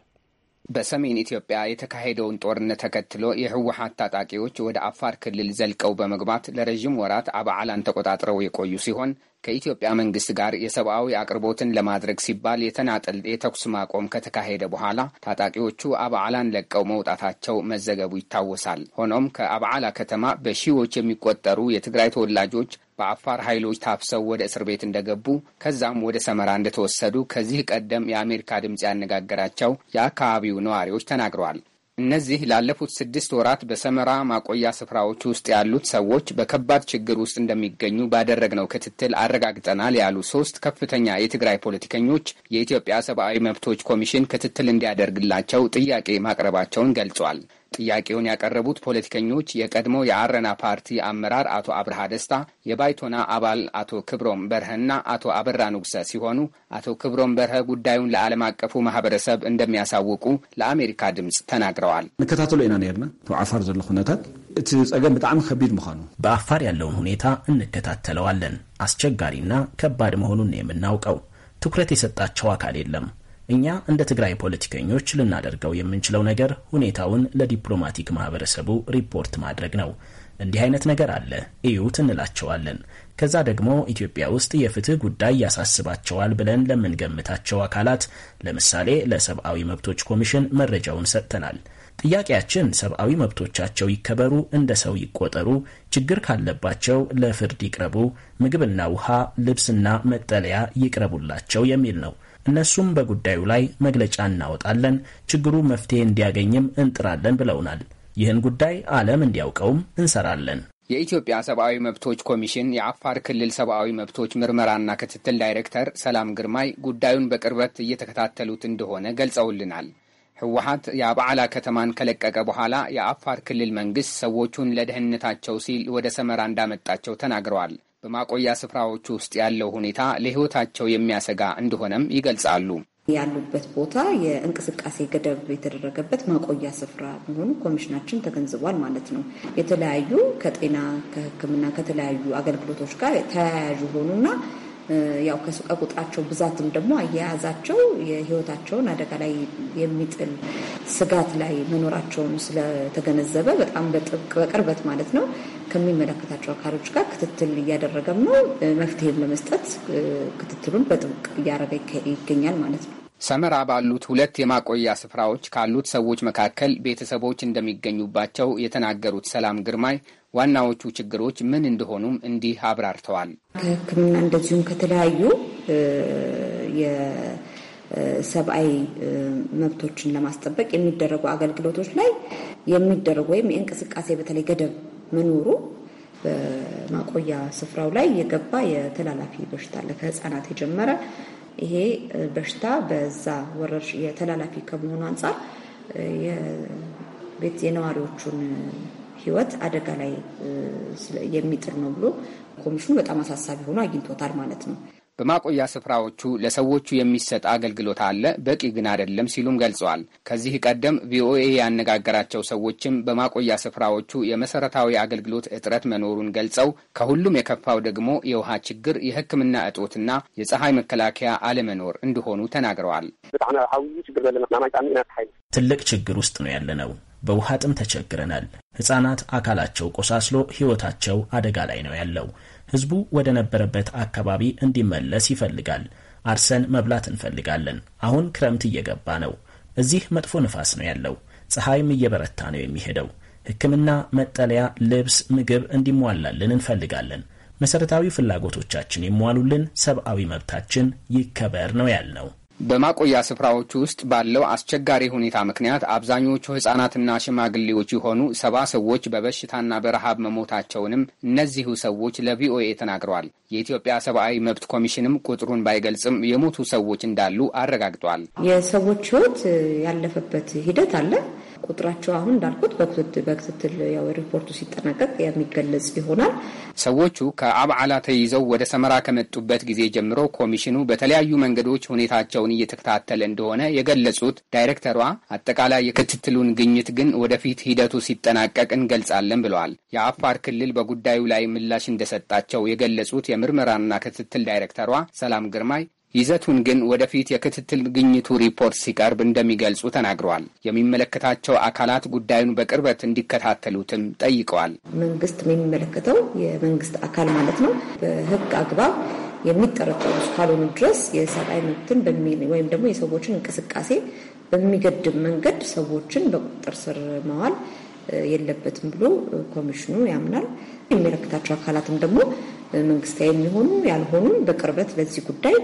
በሰሜን ኢትዮጵያ የተካሄደውን ጦርነት ተከትሎ የህወሀት ታጣቂዎች ወደ አፋር ክልል ዘልቀው በመግባት ለረዥም ወራት አባዓላን ተቆጣጥረው የቆዩ ሲሆን ከኢትዮጵያ መንግስት ጋር የሰብአዊ አቅርቦትን ለማድረግ ሲባል የተናጠል የተኩስ ማቆም ከተካሄደ በኋላ ታጣቂዎቹ አበዓላን ለቀው መውጣታቸው መዘገቡ ይታወሳል። ሆኖም ከአበዓላ ከተማ በሺዎች የሚቆጠሩ የትግራይ ተወላጆች በአፋር ኃይሎች ታፍሰው ወደ እስር ቤት እንደገቡ ከዛም ወደ ሰመራ እንደተወሰዱ ከዚህ ቀደም የአሜሪካ ድምፅ ያነጋገራቸው የአካባቢው ነዋሪዎች ተናግረዋል። እነዚህ ላለፉት ስድስት ወራት በሰመራ ማቆያ ስፍራዎች ውስጥ ያሉት ሰዎች በከባድ ችግር ውስጥ እንደሚገኙ ባደረግነው ክትትል አረጋግጠናል ያሉ ሶስት ከፍተኛ የትግራይ ፖለቲከኞች የኢትዮጵያ ሰብአዊ መብቶች ኮሚሽን ክትትል እንዲያደርግላቸው ጥያቄ ማቅረባቸውን ገልጿል። ጥያቄውን ያቀረቡት ፖለቲከኞች የቀድሞ የአረና ፓርቲ አመራር አቶ አብርሃ ደስታ፣ የባይቶና አባል አቶ ክብሮም በርኸና አቶ አበራ ንጉሰ ሲሆኑ አቶ ክብሮም በርኸ ጉዳዩን ለዓለም አቀፉ ማህበረሰብ እንደሚያሳውቁ ለአሜሪካ ድምፅ ተናግረዋል። ንከታተሎ ኢና ነርና ኣብ ዓፋር ዘሎ ኩነታት እቲ ጸገም ብጣዕሚ ከቢድ ምዃኑ በአፋር ያለውን ሁኔታ እንከታተለዋለን። አስቸጋሪና ከባድ መሆኑን የምናውቀው ትኩረት የሰጣቸው አካል የለም። እኛ እንደ ትግራይ ፖለቲከኞች ልናደርገው የምንችለው ነገር ሁኔታውን ለዲፕሎማቲክ ማህበረሰቡ ሪፖርት ማድረግ ነው። እንዲህ አይነት ነገር አለ እዩት እንላቸዋለን። ከዛ ደግሞ ኢትዮጵያ ውስጥ የፍትህ ጉዳይ ያሳስባቸዋል ብለን ለምንገምታቸው አካላት ለምሳሌ ለሰብአዊ መብቶች ኮሚሽን መረጃውን ሰጥተናል። ጥያቄያችን ሰብአዊ መብቶቻቸው ይከበሩ፣ እንደ ሰው ይቆጠሩ፣ ችግር ካለባቸው ለፍርድ ይቅረቡ፣ ምግብና ውሃ፣ ልብስና መጠለያ ይቅረቡላቸው የሚል ነው። እነሱም በጉዳዩ ላይ መግለጫ እናወጣለን፣ ችግሩ መፍትሄ እንዲያገኝም እንጥራለን ብለውናል። ይህን ጉዳይ ዓለም እንዲያውቀውም እንሰራለን። የኢትዮጵያ ሰብአዊ መብቶች ኮሚሽን የአፋር ክልል ሰብአዊ መብቶች ምርመራና ክትትል ዳይሬክተር ሰላም ግርማይ ጉዳዩን በቅርበት እየተከታተሉት እንደሆነ ገልጸውልናል። ህወሀት የአበዓላ ከተማን ከለቀቀ በኋላ የአፋር ክልል መንግስት ሰዎቹን ለደህንነታቸው ሲል ወደ ሰመራ እንዳመጣቸው ተናግረዋል። በማቆያ ስፍራዎች ውስጥ ያለው ሁኔታ ለሕይወታቸው የሚያሰጋ እንደሆነም ይገልጻሉ። ያሉበት ቦታ የእንቅስቃሴ ገደብ የተደረገበት ማቆያ ስፍራ መሆኑ ኮሚሽናችን ተገንዝቧል ማለት ነው። የተለያዩ ከጤና ከሕክምና ከተለያዩ አገልግሎቶች ጋር ተያያዥ የሆኑና ያው ከቁጥራቸው ብዛትም ደግሞ አያያዛቸው የህይወታቸውን አደጋ ላይ የሚጥል ስጋት ላይ መኖራቸውን ስለተገነዘበ በጣም በጥብቅ በቅርበት ማለት ነው ከሚመለከታቸው አካሎች ጋር ክትትል እያደረገም ነው። መፍትሄም ለመስጠት ክትትሉን በጥብቅ እያደረገ ይገኛል ማለት ነው። ሰመራ ባሉት ሁለት የማቆያ ስፍራዎች ካሉት ሰዎች መካከል ቤተሰቦች እንደሚገኙባቸው የተናገሩት ሰላም ግርማይ ዋናዎቹ ችግሮች ምን እንደሆኑም እንዲህ አብራርተዋል። ከሕክምና እንደዚሁም ከተለያዩ የሰብአዊ መብቶችን ለማስጠበቅ የሚደረጉ አገልግሎቶች ላይ የሚደረጉ ወይም የእንቅስቃሴ በተለይ ገደብ መኖሩ በማቆያ ስፍራው ላይ የገባ የተላላፊ በሽታ አለ። ከህፃናት የጀመረ ይሄ በሽታ በዛ ወረርሽ የተላላፊ ከመሆኑ አንጻር የቤት የነዋሪዎቹን ህይወት አደጋ ላይ የሚጥር ነው ብሎ ኮሚሽኑ በጣም አሳሳቢ ሆኖ አግኝቶታል ማለት ነው። በማቆያ ስፍራዎቹ ለሰዎቹ የሚሰጥ አገልግሎት አለ፣ በቂ ግን አይደለም ሲሉም ገልጸዋል። ከዚህ ቀደም ቪኦኤ ያነጋገራቸው ሰዎችም በማቆያ ስፍራዎቹ የመሰረታዊ አገልግሎት እጥረት መኖሩን ገልጸው ከሁሉም የከፋው ደግሞ የውሃ ችግር፣ የሕክምና እጦትና የፀሐይ መከላከያ አለመኖር እንደሆኑ ተናግረዋል። ትልቅ ችግር ውስጥ ነው ያለነው። በውሃ ጥም ተቸግረናል። ሕፃናት አካላቸው ቆሳስሎ ሕይወታቸው አደጋ ላይ ነው ያለው። ሕዝቡ ወደ ነበረበት አካባቢ እንዲመለስ ይፈልጋል። አርሰን መብላት እንፈልጋለን። አሁን ክረምት እየገባ ነው። እዚህ መጥፎ ንፋስ ነው ያለው። ፀሐይም እየበረታ ነው የሚሄደው። ሕክምና፣ መጠለያ፣ ልብስ፣ ምግብ እንዲሟላልን እንፈልጋለን። መሰረታዊ ፍላጎቶቻችን ይሟሉልን፣ ሰብአዊ መብታችን ይከበር ነው ያልነው። በማቆያ ስፍራዎች ውስጥ ባለው አስቸጋሪ ሁኔታ ምክንያት አብዛኞቹ ህጻናትና ሽማግሌዎች የሆኑ ሰባ ሰዎች በበሽታና በረሃብ መሞታቸውንም እነዚሁ ሰዎች ለቪኦኤ ተናግረዋል። የኢትዮጵያ ሰብአዊ መብት ኮሚሽንም ቁጥሩን ባይገልጽም የሞቱ ሰዎች እንዳሉ አረጋግጧል። የሰዎች ህይወት ያለፈበት ሂደት አለ። ቁጥራቸው አሁን እንዳልኩት በክትትል ያው ሪፖርቱ ሲጠናቀቅ የሚገለጽ ይሆናል። ሰዎቹ ከአብዓላ ተይዘው ወደ ሰመራ ከመጡበት ጊዜ ጀምሮ ኮሚሽኑ በተለያዩ መንገዶች ሁኔታቸውን እየተከታተለ እንደሆነ የገለጹት ዳይሬክተሯ አጠቃላይ የክትትሉን ግኝት ግን ወደፊት ሂደቱ ሲጠናቀቅ እንገልጻለን ብለዋል። የአፋር ክልል በጉዳዩ ላይ ምላሽ እንደሰጣቸው የገለጹት የምርመራና ክትትል ዳይሬክተሯ ሰላም ግርማይ ይዘቱን ግን ወደፊት የክትትል ግኝቱ ሪፖርት ሲቀርብ እንደሚገልጹ ተናግረዋል። የሚመለከታቸው አካላት ጉዳዩን በቅርበት እንዲከታተሉትም ጠይቀዋል። መንግስት የሚመለከተው የመንግስት አካል ማለት ነው በህግ አግባብ የሚጠረጠሩ እስካልሆኑ ድረስ የሰብአዊ መብትን ወይም ደግሞ የሰዎችን እንቅስቃሴ በሚገድብ መንገድ ሰዎችን በቁጥጥር ስር መዋል የለበትም ብሎ ኮሚሽኑ ያምናል። የሚመለከታቸው አካላትም ደግሞ መንግስታዊ የሚሆኑ ያልሆኑም በቅርበት በዚህ ጉዳይ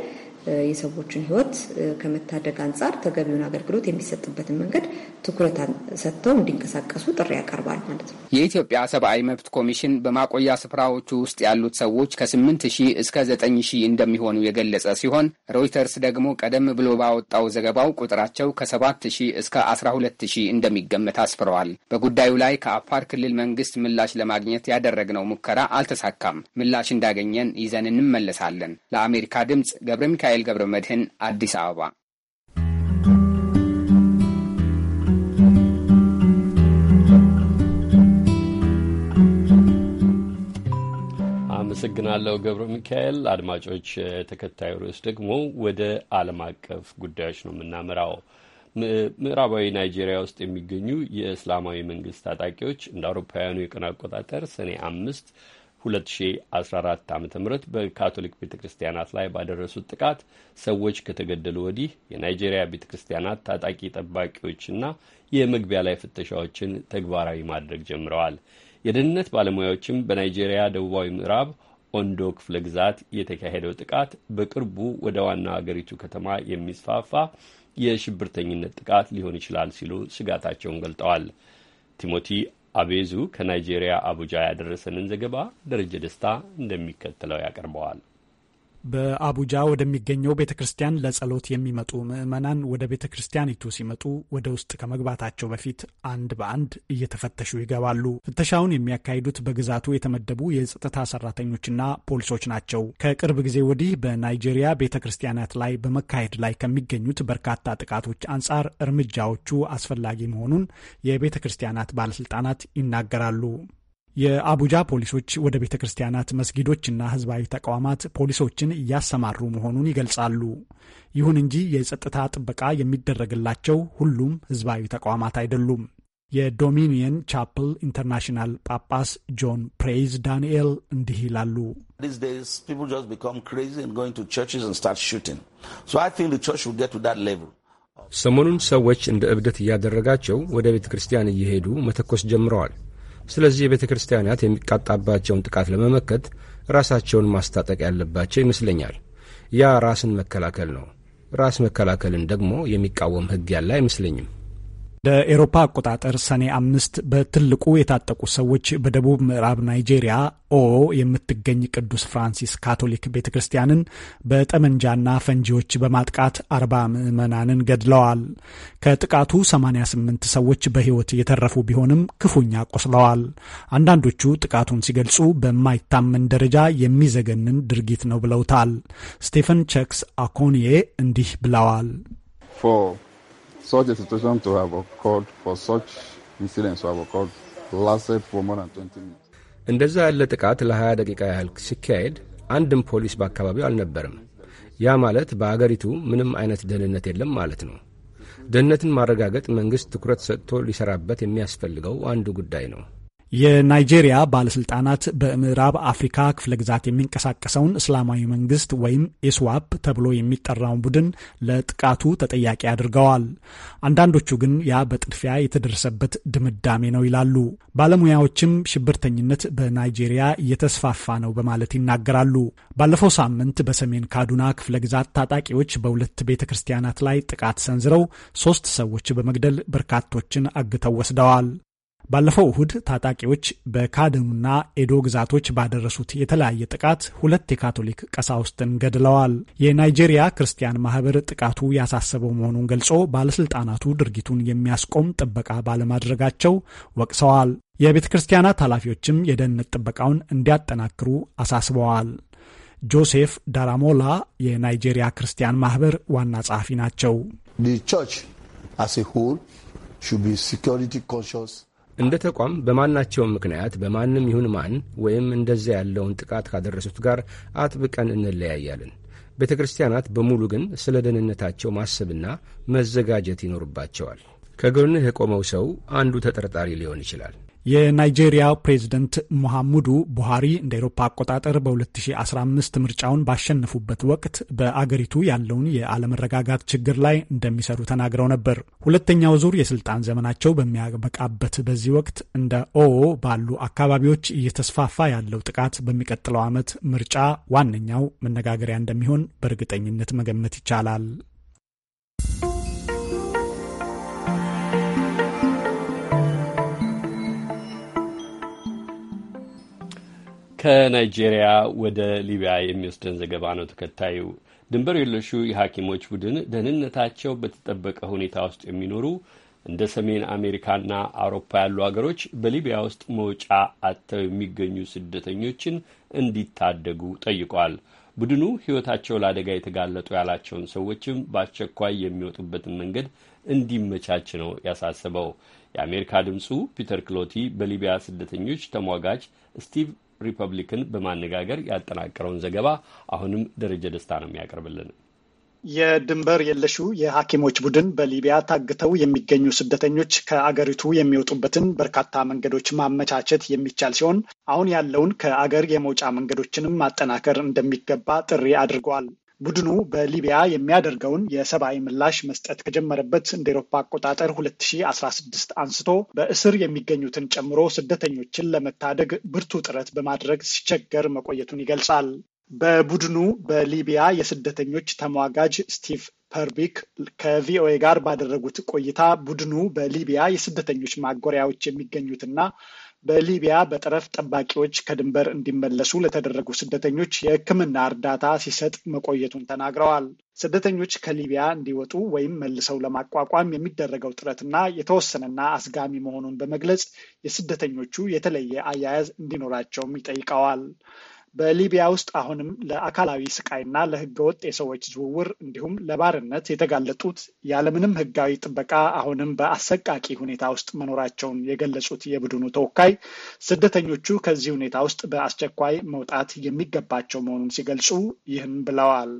የሰዎችን ህይወት ከመታደግ አንጻር ተገቢውን አገልግሎት የሚሰጥበትን መንገድ ትኩረት ሰጥተው እንዲንቀሳቀሱ ጥሪ ያቀርባል ማለት ነው። የኢትዮጵያ ሰብአዊ መብት ኮሚሽን በማቆያ ስፍራዎቹ ውስጥ ያሉት ሰዎች ከስምንት ሺህ እስከ ዘጠኝ ሺህ እንደሚሆኑ የገለጸ ሲሆን ሮይተርስ ደግሞ ቀደም ብሎ ባወጣው ዘገባው ቁጥራቸው ከሰባት ሺህ እስከ አስራ ሁለት ሺህ እንደሚገመት አስፍረዋል። በጉዳዩ ላይ ከአፋር ክልል መንግስት ምላሽ ለማግኘት ያደረግነው ሙከራ አልተሳካም። ምላሽ እንዳገኘን ይዘን እንመለሳለን። ለአሜሪካ ድምጽ ገብረ ሚካኤል ሚካኤል ገብረ መድህን አዲስ አበባ አመሰግናለሁ ገብረ ሚካኤል። አድማጮች፣ ተከታዩ ርዕስ ደግሞ ወደ ዓለም አቀፍ ጉዳዮች ነው የምናመራው። ምዕራባዊ ናይጄሪያ ውስጥ የሚገኙ የእስላማዊ መንግስት ታጣቂዎች እንደ አውሮፓውያኑ የቀን አቆጣጠር ሰኔ አምስት 2014 ዓ ም በካቶሊክ ቤተ ክርስቲያናት ላይ ባደረሱት ጥቃት ሰዎች ከተገደሉ ወዲህ የናይጄሪያ ቤተ ክርስቲያናት ታጣቂ ጠባቂዎችና የመግቢያ ላይ ፍተሻዎችን ተግባራዊ ማድረግ ጀምረዋል። የደህንነት ባለሙያዎችም በናይጄሪያ ደቡባዊ ምዕራብ ኦንዶ ክፍለ ግዛት የተካሄደው ጥቃት በቅርቡ ወደ ዋና አገሪቱ ከተማ የሚስፋፋ የሽብርተኝነት ጥቃት ሊሆን ይችላል ሲሉ ስጋታቸውን ገልጠዋል። ቲሞቲ አቤዙ ከናይጄሪያ አቡጃ ያደረሰንን ዘገባ ደረጀ ደስታ እንደሚከተለው ያቀርበዋል። በአቡጃ ወደሚገኘው ቤተ ክርስቲያን ለጸሎት የሚመጡ ምዕመናን ወደ ቤተ ክርስቲያኒቱ ሲመጡ ወደ ውስጥ ከመግባታቸው በፊት አንድ በአንድ እየተፈተሹ ይገባሉ። ፍተሻውን የሚያካሂዱት በግዛቱ የተመደቡ የጸጥታ ሰራተኞችና ፖሊሶች ናቸው። ከቅርብ ጊዜ ወዲህ በናይጄሪያ ቤተ ክርስቲያናት ላይ በመካሄድ ላይ ከሚገኙት በርካታ ጥቃቶች አንጻር እርምጃዎቹ አስፈላጊ መሆኑን የቤተ ክርስቲያናት ባለስልጣናት ይናገራሉ። የአቡጃ ፖሊሶች ወደ ቤተ ክርስቲያናት፣ መስጊዶችና ህዝባዊ ተቋማት ፖሊሶችን እያሰማሩ መሆኑን ይገልጻሉ። ይሁን እንጂ የጸጥታ ጥበቃ የሚደረግላቸው ሁሉም ህዝባዊ ተቋማት አይደሉም። የዶሚኒየን ቻፕል ኢንተርናሽናል ጳጳስ ጆን ፕሬይዝ ዳንኤል እንዲህ ይላሉ። ሰሞኑን ሰዎች እንደ እብደት እያደረጋቸው ወደ ቤተ ክርስቲያን እየሄዱ መተኮስ ጀምረዋል። ስለዚህ የቤተ ክርስቲያናት የሚቃጣባቸውን ጥቃት ለመመከት ራሳቸውን ማስታጠቅ ያለባቸው ይመስለኛል። ያ ራስን መከላከል ነው። ራስ መከላከልን ደግሞ የሚቃወም ሕግ ያለ አይመስለኝም። ለኤሮፓ አቆጣጠር ሰኔ አምስት በትልቁ የታጠቁ ሰዎች በደቡብ ምዕራብ ናይጄሪያ ኦ የምትገኝ ቅዱስ ፍራንሲስ ካቶሊክ ቤተ ክርስቲያንን በጠመንጃና ፈንጂዎች በማጥቃት አርባ ምዕመናንን ገድለዋል። ከጥቃቱ 88 ሰዎች በሕይወት የተረፉ ቢሆንም ክፉኛ ቆስለዋል። አንዳንዶቹ ጥቃቱን ሲገልጹ በማይታመን ደረጃ የሚዘገንን ድርጊት ነው ብለውታል። ስቴፈን ቸክስ አኮንዬ እንዲህ ብለዋል። such a situation to have occurred for such incidents to have occurred lasted for more than 20 minutes እንደዛ ያለ ጥቃት ለ20 ደቂቃ ያህል ሲካሄድ አንድም ፖሊስ በአካባቢው አልነበረም። ያ ማለት በአገሪቱ ምንም አይነት ደህንነት የለም ማለት ነው። ደህንነትን ማረጋገጥ መንግሥት ትኩረት ሰጥቶ ሊሰራበት የሚያስፈልገው አንዱ ጉዳይ ነው። የናይጄሪያ ባለስልጣናት በምዕራብ አፍሪካ ክፍለ ግዛት የሚንቀሳቀሰውን እስላማዊ መንግስት ወይም ኢስዋፕ ተብሎ የሚጠራውን ቡድን ለጥቃቱ ተጠያቂ አድርገዋል። አንዳንዶቹ ግን ያ በጥድፊያ የተደረሰበት ድምዳሜ ነው ይላሉ። ባለሙያዎችም ሽብርተኝነት በናይጄሪያ እየተስፋፋ ነው በማለት ይናገራሉ። ባለፈው ሳምንት በሰሜን ካዱና ክፍለ ግዛት ታጣቂዎች በሁለት ቤተ ክርስቲያናት ላይ ጥቃት ሰንዝረው ሶስት ሰዎች በመግደል በርካቶችን አግተው ወስደዋል። ባለፈው እሁድ ታጣቂዎች በካደኑና ኤዶ ግዛቶች ባደረሱት የተለያየ ጥቃት ሁለት የካቶሊክ ቀሳውስትን ገድለዋል። የናይጄሪያ ክርስቲያን ማህበር ጥቃቱ ያሳሰበው መሆኑን ገልጾ ባለስልጣናቱ ድርጊቱን የሚያስቆም ጥበቃ ባለማድረጋቸው ወቅሰዋል። የቤተ ክርስቲያናት ኃላፊዎችም የደህንነት ጥበቃውን እንዲያጠናክሩ አሳስበዋል። ጆሴፍ ዳራሞላ የናይጄሪያ ክርስቲያን ማህበር ዋና ጸሐፊ ናቸው። እንደ ተቋም በማናቸውም ምክንያት በማንም ይሁን ማን ወይም እንደዚያ ያለውን ጥቃት ካደረሱት ጋር አጥብቀን እንለያያለን። ቤተ ክርስቲያናት በሙሉ ግን ስለ ደህንነታቸው ማሰብና መዘጋጀት ይኖርባቸዋል። ከጎንህ የቆመው ሰው አንዱ ተጠርጣሪ ሊሆን ይችላል። የናይጄሪያ ፕሬዝደንት ሙሐሙዱ ቡሃሪ እንደ ኤሮፓ አቆጣጠር በ2015 ምርጫውን ባሸነፉበት ወቅት በአገሪቱ ያለውን የአለመረጋጋት ችግር ላይ እንደሚሰሩ ተናግረው ነበር። ሁለተኛው ዙር የስልጣን ዘመናቸው በሚያበቃበት በዚህ ወቅት እንደ ኦዎ ባሉ አካባቢዎች እየተስፋፋ ያለው ጥቃት በሚቀጥለው ዓመት ምርጫ ዋነኛው መነጋገሪያ እንደሚሆን በእርግጠኝነት መገመት ይቻላል። ከናይጄሪያ ወደ ሊቢያ የሚወስደን ዘገባ ነው ተከታዩ። ድንበር የለሹ የሐኪሞች ቡድን ደህንነታቸው በተጠበቀ ሁኔታ ውስጥ የሚኖሩ እንደ ሰሜን አሜሪካና አውሮፓ ያሉ ሀገሮች በሊቢያ ውስጥ መውጫ አጥተው የሚገኙ ስደተኞችን እንዲታደጉ ጠይቋል። ቡድኑ ሕይወታቸው ለአደጋ የተጋለጡ ያላቸውን ሰዎችም በአስቸኳይ የሚወጡበትን መንገድ እንዲመቻች ነው ያሳስበው። የአሜሪካ ድምፁ ፒተር ክሎቲ በሊቢያ ስደተኞች ተሟጋች ስቲቭ ሪፐብሊክን በማነጋገር ያጠናቀረውን ዘገባ አሁንም ደረጀ ደስታ ነው የሚያቀርብልን። የድንበር የለሹ የሐኪሞች ቡድን በሊቢያ ታግተው የሚገኙ ስደተኞች ከአገሪቱ የሚወጡበትን በርካታ መንገዶች ማመቻቸት የሚቻል ሲሆን አሁን ያለውን ከአገር የመውጫ መንገዶችንም ማጠናከር እንደሚገባ ጥሪ አድርገዋል። ቡድኑ በሊቢያ የሚያደርገውን የሰብአዊ ምላሽ መስጠት ከጀመረበት እንደ ኤሮፓ አቆጣጠር 2016 አንስቶ በእስር የሚገኙትን ጨምሮ ስደተኞችን ለመታደግ ብርቱ ጥረት በማድረግ ሲቸገር መቆየቱን ይገልጻል። በቡድኑ በሊቢያ የስደተኞች ተሟጋጅ ስቲቭ ፐርቢክ ከቪኦኤ ጋር ባደረጉት ቆይታ ቡድኑ በሊቢያ የስደተኞች ማጎሪያዎች የሚገኙትና በሊቢያ በጠረፍ ጠባቂዎች ከድንበር እንዲመለሱ ለተደረጉ ስደተኞች የሕክምና እርዳታ ሲሰጥ መቆየቱን ተናግረዋል። ስደተኞች ከሊቢያ እንዲወጡ ወይም መልሰው ለማቋቋም የሚደረገው ጥረትና የተወሰነና አስጋሚ መሆኑን በመግለጽ የስደተኞቹ የተለየ አያያዝ እንዲኖራቸውም ይጠይቀዋል። በሊቢያ ውስጥ አሁንም ለአካላዊ ስቃይና ለህገወጥ የሰዎች ዝውውር እንዲሁም ለባርነት የተጋለጡት ያለምንም ህጋዊ ጥበቃ አሁንም በአሰቃቂ ሁኔታ ውስጥ መኖራቸውን የገለጹት የቡድኑ ተወካይ ስደተኞቹ ከዚህ ሁኔታ ውስጥ በአስቸኳይ መውጣት የሚገባቸው መሆኑን ሲገልጹ ይህን ብለዋል።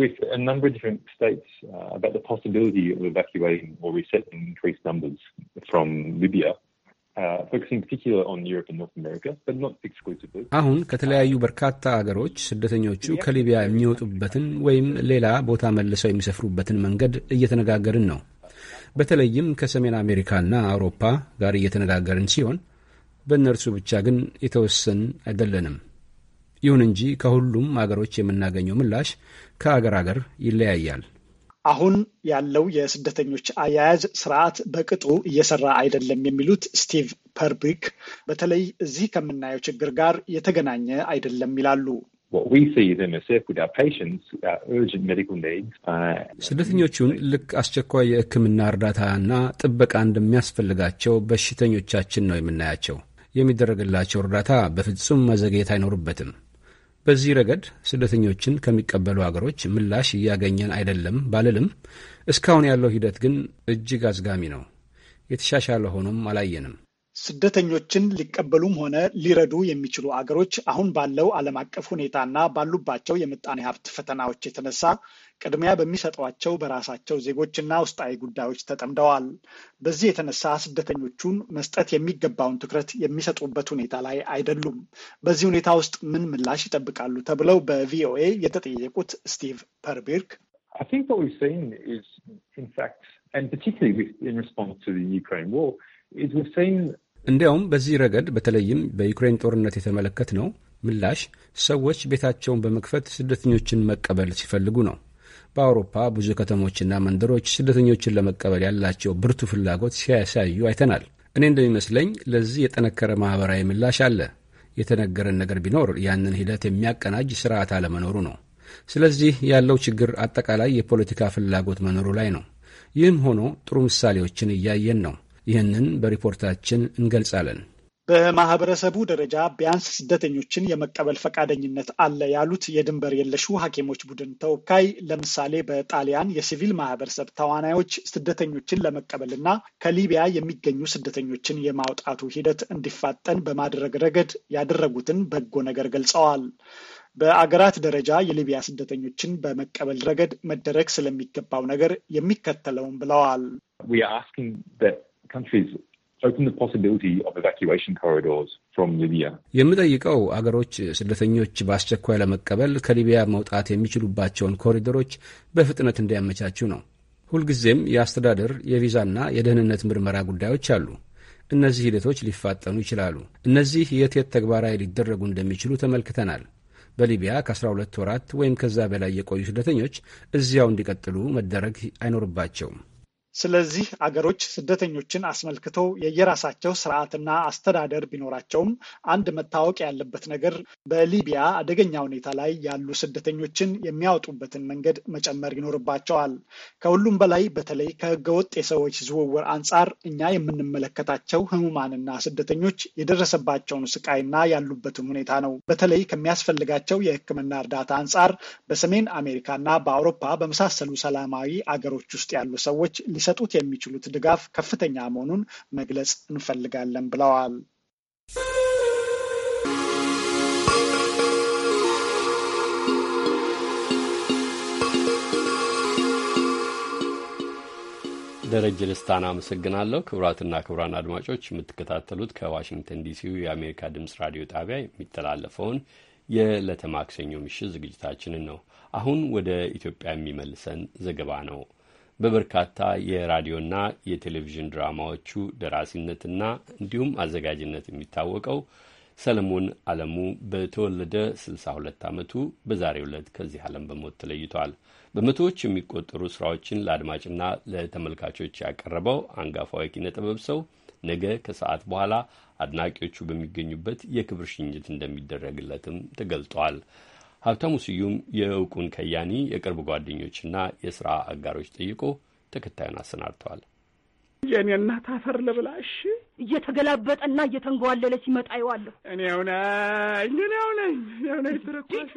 with a number of different states uh, about the possibility of evacuating or resettling increased numbers from Libya. Uh, አሁን ከተለያዩ በርካታ አገሮች ስደተኞቹ ከሊቢያ የሚወጡበትን ወይም ሌላ ቦታ መልሰው የሚሰፍሩበትን መንገድ እየተነጋገርን ነው። በተለይም ከሰሜን አሜሪካና አውሮፓ ጋር እየተነጋገርን ሲሆን በእነርሱ ብቻ ግን የተወሰን አይደለንም። ይሁን እንጂ ከሁሉም አገሮች የምናገኘው ምላሽ ከአገር አገር ይለያያል። አሁን ያለው የስደተኞች አያያዝ ስርዓት በቅጡ እየሰራ አይደለም የሚሉት ስቲቭ ፐርብሪክ በተለይ እዚህ ከምናየው ችግር ጋር የተገናኘ አይደለም ይላሉ። uh, uh, ስደተኞቹን ልክ አስቸኳይ የሕክምና እርዳታና ጥበቃ እንደሚያስፈልጋቸው በሽተኞቻችን ነው የምናያቸው። የሚደረግላቸው እርዳታ በፍጹም መዘግየት አይኖርበትም። በዚህ ረገድ ስደተኞችን ከሚቀበሉ አገሮች ምላሽ እያገኘን አይደለም ባልልም እስካሁን ያለው ሂደት ግን እጅግ አዝጋሚ ነው። የተሻሻለ ሆኖም አላየንም። ስደተኞችን ሊቀበሉም ሆነ ሊረዱ የሚችሉ አገሮች አሁን ባለው ዓለም አቀፍ ሁኔታና ባሉባቸው የምጣኔ ሀብት ፈተናዎች የተነሳ ቅድሚያ በሚሰጧቸው በራሳቸው ዜጎችና ውስጣዊ ጉዳዮች ተጠምደዋል። በዚህ የተነሳ ስደተኞቹን መስጠት የሚገባውን ትኩረት የሚሰጡበት ሁኔታ ላይ አይደሉም። በዚህ ሁኔታ ውስጥ ምን ምላሽ ይጠብቃሉ ተብለው በቪኦኤ የተጠየቁት ስቲቭ ፐርቢርክ እንዲያውም በዚህ ረገድ በተለይም በዩክሬን ጦርነት የተመለከት ነው ምላሽ ሰዎች ቤታቸውን በመክፈት ስደተኞችን መቀበል ሲፈልጉ ነው። በአውሮፓ ብዙ ከተሞችና መንደሮች ስደተኞችን ለመቀበል ያላቸው ብርቱ ፍላጎት ሲያሳዩ አይተናል። እኔ እንደሚመስለኝ ለዚህ የጠነከረ ማኅበራዊ ምላሽ አለ። የተነገረን ነገር ቢኖር ያንን ሂደት የሚያቀናጅ ስርዓት አለመኖሩ ነው። ስለዚህ ያለው ችግር አጠቃላይ የፖለቲካ ፍላጎት መኖሩ ላይ ነው። ይህም ሆኖ ጥሩ ምሳሌዎችን እያየን ነው። ይህንን በሪፖርታችን እንገልጻለን። በማህበረሰቡ ደረጃ ቢያንስ ስደተኞችን የመቀበል ፈቃደኝነት አለ ያሉት የድንበር የለሹ ሐኪሞች ቡድን ተወካይ ለምሳሌ በጣሊያን የሲቪል ማህበረሰብ ተዋናዮች ስደተኞችን ለመቀበል እና ከሊቢያ የሚገኙ ስደተኞችን የማውጣቱ ሂደት እንዲፋጠን በማድረግ ረገድ ያደረጉትን በጎ ነገር ገልጸዋል። በአገራት ደረጃ የሊቢያ ስደተኞችን በመቀበል ረገድ መደረግ ስለሚገባው ነገር የሚከተለውን ብለዋል። የምጠይቀው አገሮች ስደተኞች በአስቸኳይ ለመቀበል ከሊቢያ መውጣት የሚችሉባቸውን ኮሪደሮች በፍጥነት እንዲያመቻቹ ነው። ሁልጊዜም የአስተዳደር የቪዛና የደህንነት ምርመራ ጉዳዮች አሉ። እነዚህ ሂደቶች ሊፋጠኑ ይችላሉ። እነዚህ የት የት ተግባራዊ ሊደረጉ እንደሚችሉ ተመልክተናል። በሊቢያ ከ12 ወራት ወይም ከዛ በላይ የቆዩ ስደተኞች እዚያው እንዲቀጥሉ መደረግ አይኖርባቸውም። ስለዚህ አገሮች ስደተኞችን አስመልክቶ የየራሳቸው ስርዓትና አስተዳደር ቢኖራቸውም አንድ መታወቅ ያለበት ነገር በሊቢያ አደገኛ ሁኔታ ላይ ያሉ ስደተኞችን የሚያወጡበትን መንገድ መጨመር ይኖርባቸዋል። ከሁሉም በላይ በተለይ ከህገወጥ የሰዎች ዝውውር አንጻር እኛ የምንመለከታቸው ህሙማንና ስደተኞች የደረሰባቸውን ስቃይና ያሉበትን ሁኔታ ነው። በተለይ ከሚያስፈልጋቸው የህክምና እርዳታ አንጻር በሰሜን አሜሪካና በአውሮፓ በመሳሰሉ ሰላማዊ አገሮች ውስጥ ያሉ ሰዎች ሊሰጡት የሚችሉት ድጋፍ ከፍተኛ መሆኑን መግለጽ እንፈልጋለን ብለዋል። ደረጀ ደስታን አመሰግናለሁ። ክቡራትና ክቡራን አድማጮች የምትከታተሉት ከዋሽንግተን ዲሲው የአሜሪካ ድምፅ ራዲዮ ጣቢያ የሚተላለፈውን የዕለተ ማክሰኞ ምሽት ዝግጅታችንን ነው። አሁን ወደ ኢትዮጵያ የሚመልሰን ዘገባ ነው። በበርካታ የራዲዮና የቴሌቪዥን ድራማዎቹ ደራሲነትና እንዲሁም አዘጋጅነት የሚታወቀው ሰለሞን አለሙ በተወለደ 62 ዓመቱ በዛሬው ዕለት ከዚህ ዓለም በሞት ተለይቷል። በመቶዎች የሚቆጠሩ ስራዎችን ለአድማጭና ለተመልካቾች ያቀረበው አንጋፋው የኪነ ጥበብ ሰው ነገ ከሰዓት በኋላ አድናቂዎቹ በሚገኙበት የክብር ሽኝት እንደሚደረግለትም ተገልጧል። ሀብታሙ ስዩም የእውቁን ከያኒ የቅርብ ጓደኞችና የስራ አጋሮች ጠይቆ ተከታዩን አሰናድተዋል። የእኔ እናት አፈር ልብላሽ እየተገላበጠና እየተንገዋለለ ሲመጣ ይዋለሁ። እኔ ሁነኝ እኔ ሁነኝ እኔው ነኝ ትረኳሽ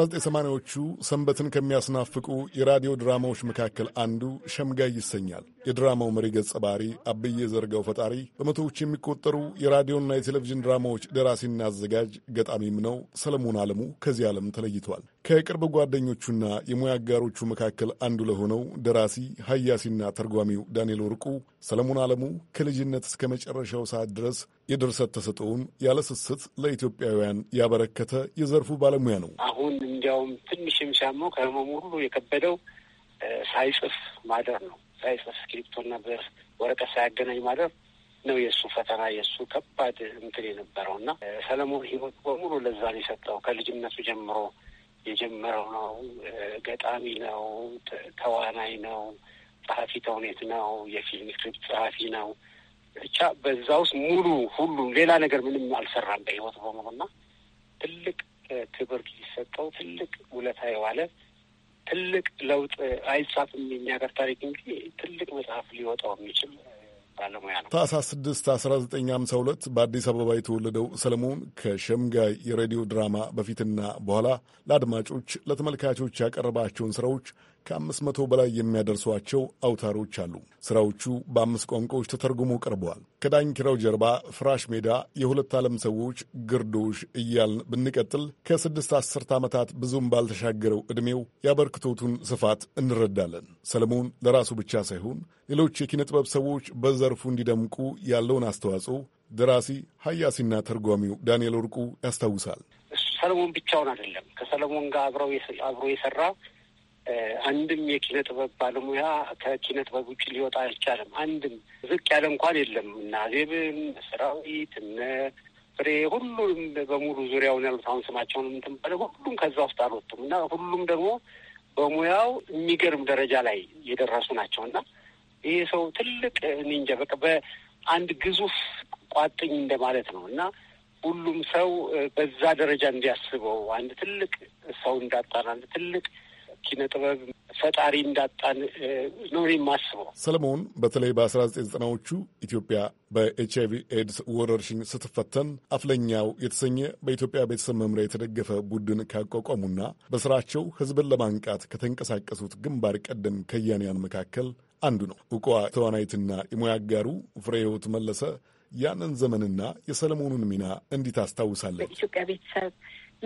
ዘጠኝ ሰማንያዎቹ ሰንበትን ከሚያስናፍቁ የራዲዮ ድራማዎች መካከል አንዱ ሸምጋይ ይሰኛል። የድራማው መሪ ገጸ ባህሪ አብዬ ዘርጋው ፈጣሪ በመቶዎች የሚቆጠሩ የራዲዮና የቴሌቪዥን ድራማዎች ደራሲና አዘጋጅ ገጣሚም ነው። ሰለሞን አለሙ ከዚህ ዓለም ተለይቷል። ከቅርብ ጓደኞቹና የሙያ አጋሮቹ መካከል አንዱ ለሆነው ደራሲ ሀያሲና ተርጓሚው ዳንኤል ወርቁ ሰለሞን ዓለሙ ከልጅነት እስከ መጨረሻው ሰዓት ድረስ የድርሰት ተሰጠውን ያለ ስስት ለኢትዮጵያውያን ያበረከተ የዘርፉ ባለሙያ ነው። አሁን እንዲያውም ትንሽ የሚሻመው ከህመሙ ሁሉ የከበደው ሳይጽፍ ማደር ነው። ሳይጽፍ እስክሪብቶና ብዕር ወረቀት ሳያገናኝ ማደር ነው የእሱ ፈተና የእሱ ከባድ እንትን የነበረው እና ሰለሞን ህይወት በሙሉ ለዛ ነው የሰጠው። ከልጅነቱ ጀምሮ የጀመረው ነው። ገጣሚ ነው። ተዋናይ ነው። ጸሐፊ ተውኔት ነው፣ የፊልም ስክሪፕት ጸሐፊ ነው። ብቻ በዛ ውስጥ ሙሉ ሁሉም ሌላ ነገር ምንም አልሰራም በህይወት በመሆንና ትልቅ ክብር ሊሰጠው ትልቅ ውለታ የዋለ ትልቅ ለውጥ አይጻፍም የሚያገር ታሪክ እንጂ ትልቅ መጽሐፍ ሊወጣው የሚችል ባለሙያ ነው። ታህሳስ ስድስት አስራ ዘጠኝ ሁለት በአዲስ አበባ የተወለደው ሰለሞን ከሸምጋይ የሬዲዮ ድራማ በፊትና በኋላ ለአድማጮች ለተመልካቾች ያቀረባቸውን ስራዎች ከአምስት መቶ በላይ የሚያደርሷቸው አውታሮች አሉ። ስራዎቹ በአምስት ቋንቋዎች ተተርጉሞ ቀርበዋል። ከዳንኪራው ጀርባ፣ ፍራሽ ሜዳ፣ የሁለት ዓለም ሰዎች፣ ግርዶሽ እያልን ብንቀጥል ከስድስት አስርት ዓመታት ብዙም ባልተሻገረው ዕድሜው ያበርክቶቱን ስፋት እንረዳለን። ሰለሞን ለራሱ ብቻ ሳይሆን ሌሎች የኪነ ጥበብ ሰዎች በዘርፉ እንዲደምቁ ያለውን አስተዋጽኦ ደራሲ ሀያሲና ተርጓሚው ዳንኤል ወርቁ ያስታውሳል። ሰለሞን ብቻውን አይደለም። ከሰለሞን ጋር አብሮ የሰራ አንድም የኪነ ጥበብ ባለሙያ ከኪነ ጥበብ ውጭ ሊወጣ አይቻልም። አንድም ዝቅ ያለ እንኳን የለም እና ዜብን ሰራዊት እነ ፍሬ ሁሉም በሙሉ ዙሪያውን ያሉት አሁን ስማቸውን እንትን ሁሉም ከዛ ውስጥ አልወጡም እና ሁሉም ደግሞ በሙያው የሚገርም ደረጃ ላይ የደረሱ ናቸው እና ይህ ሰው ትልቅ እንጃ በቃ በአንድ ግዙፍ ቋጥኝ እንደማለት ነው እና ሁሉም ሰው በዛ ደረጃ እንዲያስበው አንድ ትልቅ ሰው እንዳጣን አንድ ትልቅ ኪነ ጥበብ ፈጣሪ እንዳጣን ነው የማስበው። ሰለሞን በተለይ በ1990ዎቹ ኢትዮጵያ በኤች አይቪ ኤድስ ወረርሽኝ ስትፈተን አፍለኛው የተሰኘ በኢትዮጵያ ቤተሰብ መምሪያ የተደገፈ ቡድን ካቋቋሙና በስራቸው ህዝብን ለማንቃት ከተንቀሳቀሱት ግንባር ቀደም ከያንያን መካከል አንዱ ነው። እውቋ ተዋናይትና የሙያ አጋሩ ፍሬህይወት መለሰ ያንን ዘመንና የሰለሞኑን ሚና እንዲት አስታውሳለች። በኢትዮጵያ ቤተሰብ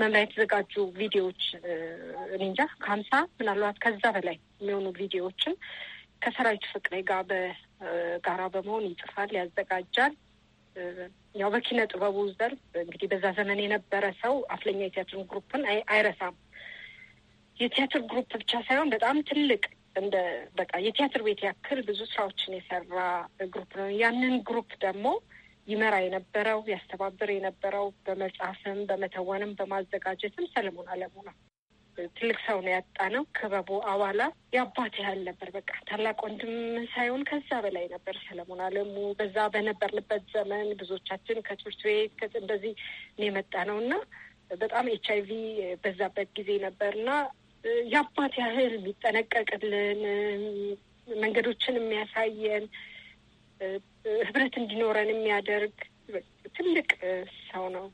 መምሪያ የተዘጋጁ ቪዲዮዎች እንጃ ከሀምሳ ምናልባት ከዛ በላይ የሚሆኑ ቪዲዮዎችን ከሰራዊት ፍቅሬ ጋር በጋራ በመሆን ይጽፋል፣ ያዘጋጃል። ያው በኪነ ጥበቡ ዘርፍ እንግዲህ በዛ ዘመን የነበረ ሰው አፍለኛ የቲያትር ግሩፕን አይረሳም። የቲያትር ግሩፕ ብቻ ሳይሆን በጣም ትልቅ እንደ በቃ የቲያትር ቤት ያክል ብዙ ስራዎችን የሰራ ግሩፕ ነው። ያንን ግሩፕ ደግሞ ይመራ የነበረው ያስተባብር የነበረው በመጻፍም በመተወንም በማዘጋጀትም ሰለሞን አለሙ ነው። ትልቅ ሰው ነው ያጣ ነው። ክበቡ አባላ የአባት ያህል ነበር። በቃ ታላቅ ወንድም ሳይሆን ከዛ በላይ ነበር ሰለሞን አለሙ። በዛ በነበርንበት ዘመን ብዙዎቻችን ከትምህርት ቤት እንደዚህ የመጣ ነው እና በጣም ኤች አይቪ በዛበት ጊዜ ነበር እና የአባት ያህል የሚጠነቀቅልን መንገዶችን የሚያሳየን ህብረት እንዲኖረን የሚያደርግ ትልቅ ሰው ነው።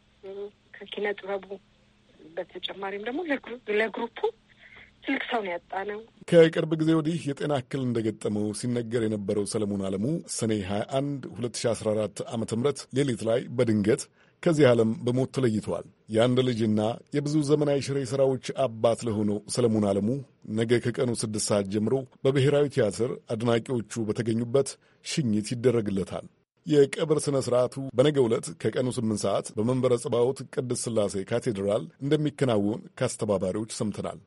ከኪነ ጥበቡ በተጨማሪም ደግሞ ለግሩፑ ትልቅ ሰው ነው ያጣ ነው። ከቅርብ ጊዜ ወዲህ የጤና እክል እንደገጠመው ሲነገር የነበረው ሰለሞን አለሙ ሰኔ 21 2014 ዓ ም ሌሊት ላይ በድንገት ከዚህ ዓለም በሞት ተለይተዋል። የአንድ ልጅና የብዙ ዘመናዊ ሽሬ ሥራዎች አባት ለሆነው ሰለሞን ዓለሙ ነገ ከቀኑ ስድስት ሰዓት ጀምሮ በብሔራዊ ቲያትር አድናቂዎቹ በተገኙበት ሽኝት ይደረግለታል። የቀብር ሥነ ሥርዓቱ በነገ ዕለት ከቀኑ ስምንት ሰዓት በመንበረ ጸባዖት ቅድስት ሥላሴ ካቴድራል እንደሚከናወን ከአስተባባሪዎች ሰምተናል።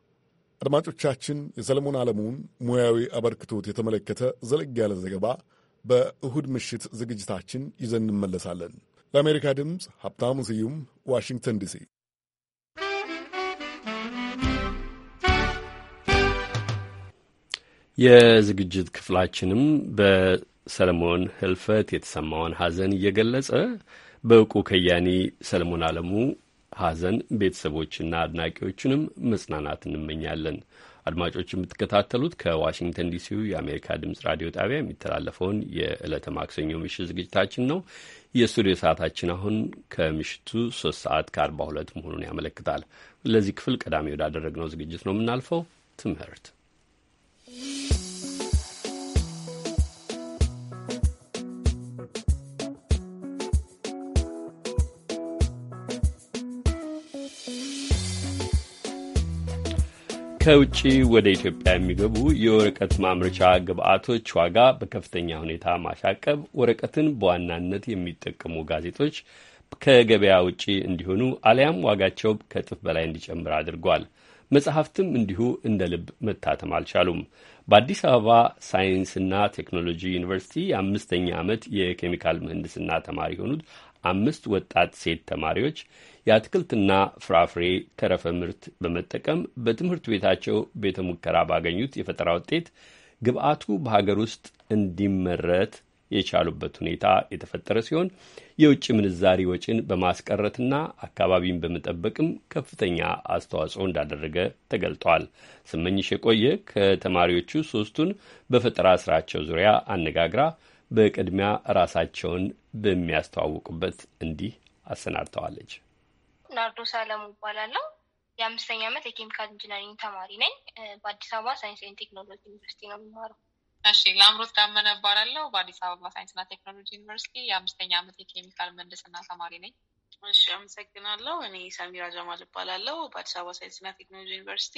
አድማጮቻችን የሰለሞን ዓለሙን ሙያዊ አበርክቶት የተመለከተ ዘለግ ያለ ዘገባ በእሁድ ምሽት ዝግጅታችን ይዘን እንመለሳለን። ለአሜሪካ ድምፅ ሀብታሙ ስዩም ዋሽንግተን ዲሲ። የዝግጅት ክፍላችንም በሰለሞን ህልፈት የተሰማውን ሐዘን እየገለጸ በእውቁ ከያኒ ሰለሞን አለሙ ሐዘን ቤተሰቦችና አድናቂዎቹንም መጽናናት እንመኛለን። አድማጮች የምትከታተሉት ከዋሽንግተን ዲሲው የአሜሪካ ድምጽ ራዲዮ ጣቢያ የሚተላለፈውን የዕለተ ማክሰኞ ምሽት ዝግጅታችን ነው። የስቱዲዮ ሰዓታችን አሁን ከምሽቱ ሶስት ሰዓት ከአርባ ሁለት መሆኑን ያመለክታል። ለዚህ ክፍል ቀዳሚ ወዳደረግነው ዝግጅት ነው የምናልፈው። ትምህርት ከውጭ ወደ ኢትዮጵያ የሚገቡ የወረቀት ማምረቻ ግብአቶች ዋጋ በከፍተኛ ሁኔታ ማሻቀብ ወረቀትን በዋናነት የሚጠቀሙ ጋዜጦች ከገበያ ውጪ እንዲሆኑ አሊያም ዋጋቸው ከእጥፍ በላይ እንዲጨምር አድርጓል። መጽሐፍትም እንዲሁ እንደ ልብ መታተም አልቻሉም። በአዲስ አበባ ሳይንስና ቴክኖሎጂ ዩኒቨርሲቲ የአምስተኛ ዓመት የኬሚካል ምህንድስና ተማሪ የሆኑት አምስት ወጣት ሴት ተማሪዎች የአትክልትና ፍራፍሬ ተረፈ ምርት በመጠቀም በትምህርት ቤታቸው ቤተ ሙከራ ባገኙት የፈጠራ ውጤት ግብአቱ በሀገር ውስጥ እንዲመረት የቻሉበት ሁኔታ የተፈጠረ ሲሆን የውጭ ምንዛሪ ወጪን በማስቀረትና አካባቢን በመጠበቅም ከፍተኛ አስተዋጽኦ እንዳደረገ ተገልጧል። ስመኝሽ የቆየ ከተማሪዎቹ ሶስቱን በፈጠራ ስራቸው ዙሪያ አነጋግራ በቅድሚያ ራሳቸውን በሚያስተዋውቁበት እንዲህ አሰናድተዋለች። ናርዶስ አለሙ እባላለሁ። የአምስተኛ ዓመት የኬሚካል ኢንጂነሪንግ ተማሪ ነኝ። በአዲስ አበባ ሳይንስና ቴክኖሎጂ ዩኒቨርሲቲ ነው የምማረው። እሺ፣ ለአምሮት ዳመነ እባላለሁ። በአዲስ አበባ ሳይንስና ቴክኖሎጂ ዩኒቨርሲቲ የአምስተኛ ዓመት የኬሚካል ምህንድስና ተማሪ ነኝ። እሺ፣ አመሰግናለሁ። እኔ ሰሚራ ጀማል እባላለሁ። በአዲስ አበባ ሳይንስና ቴክኖሎጂ ዩኒቨርሲቲ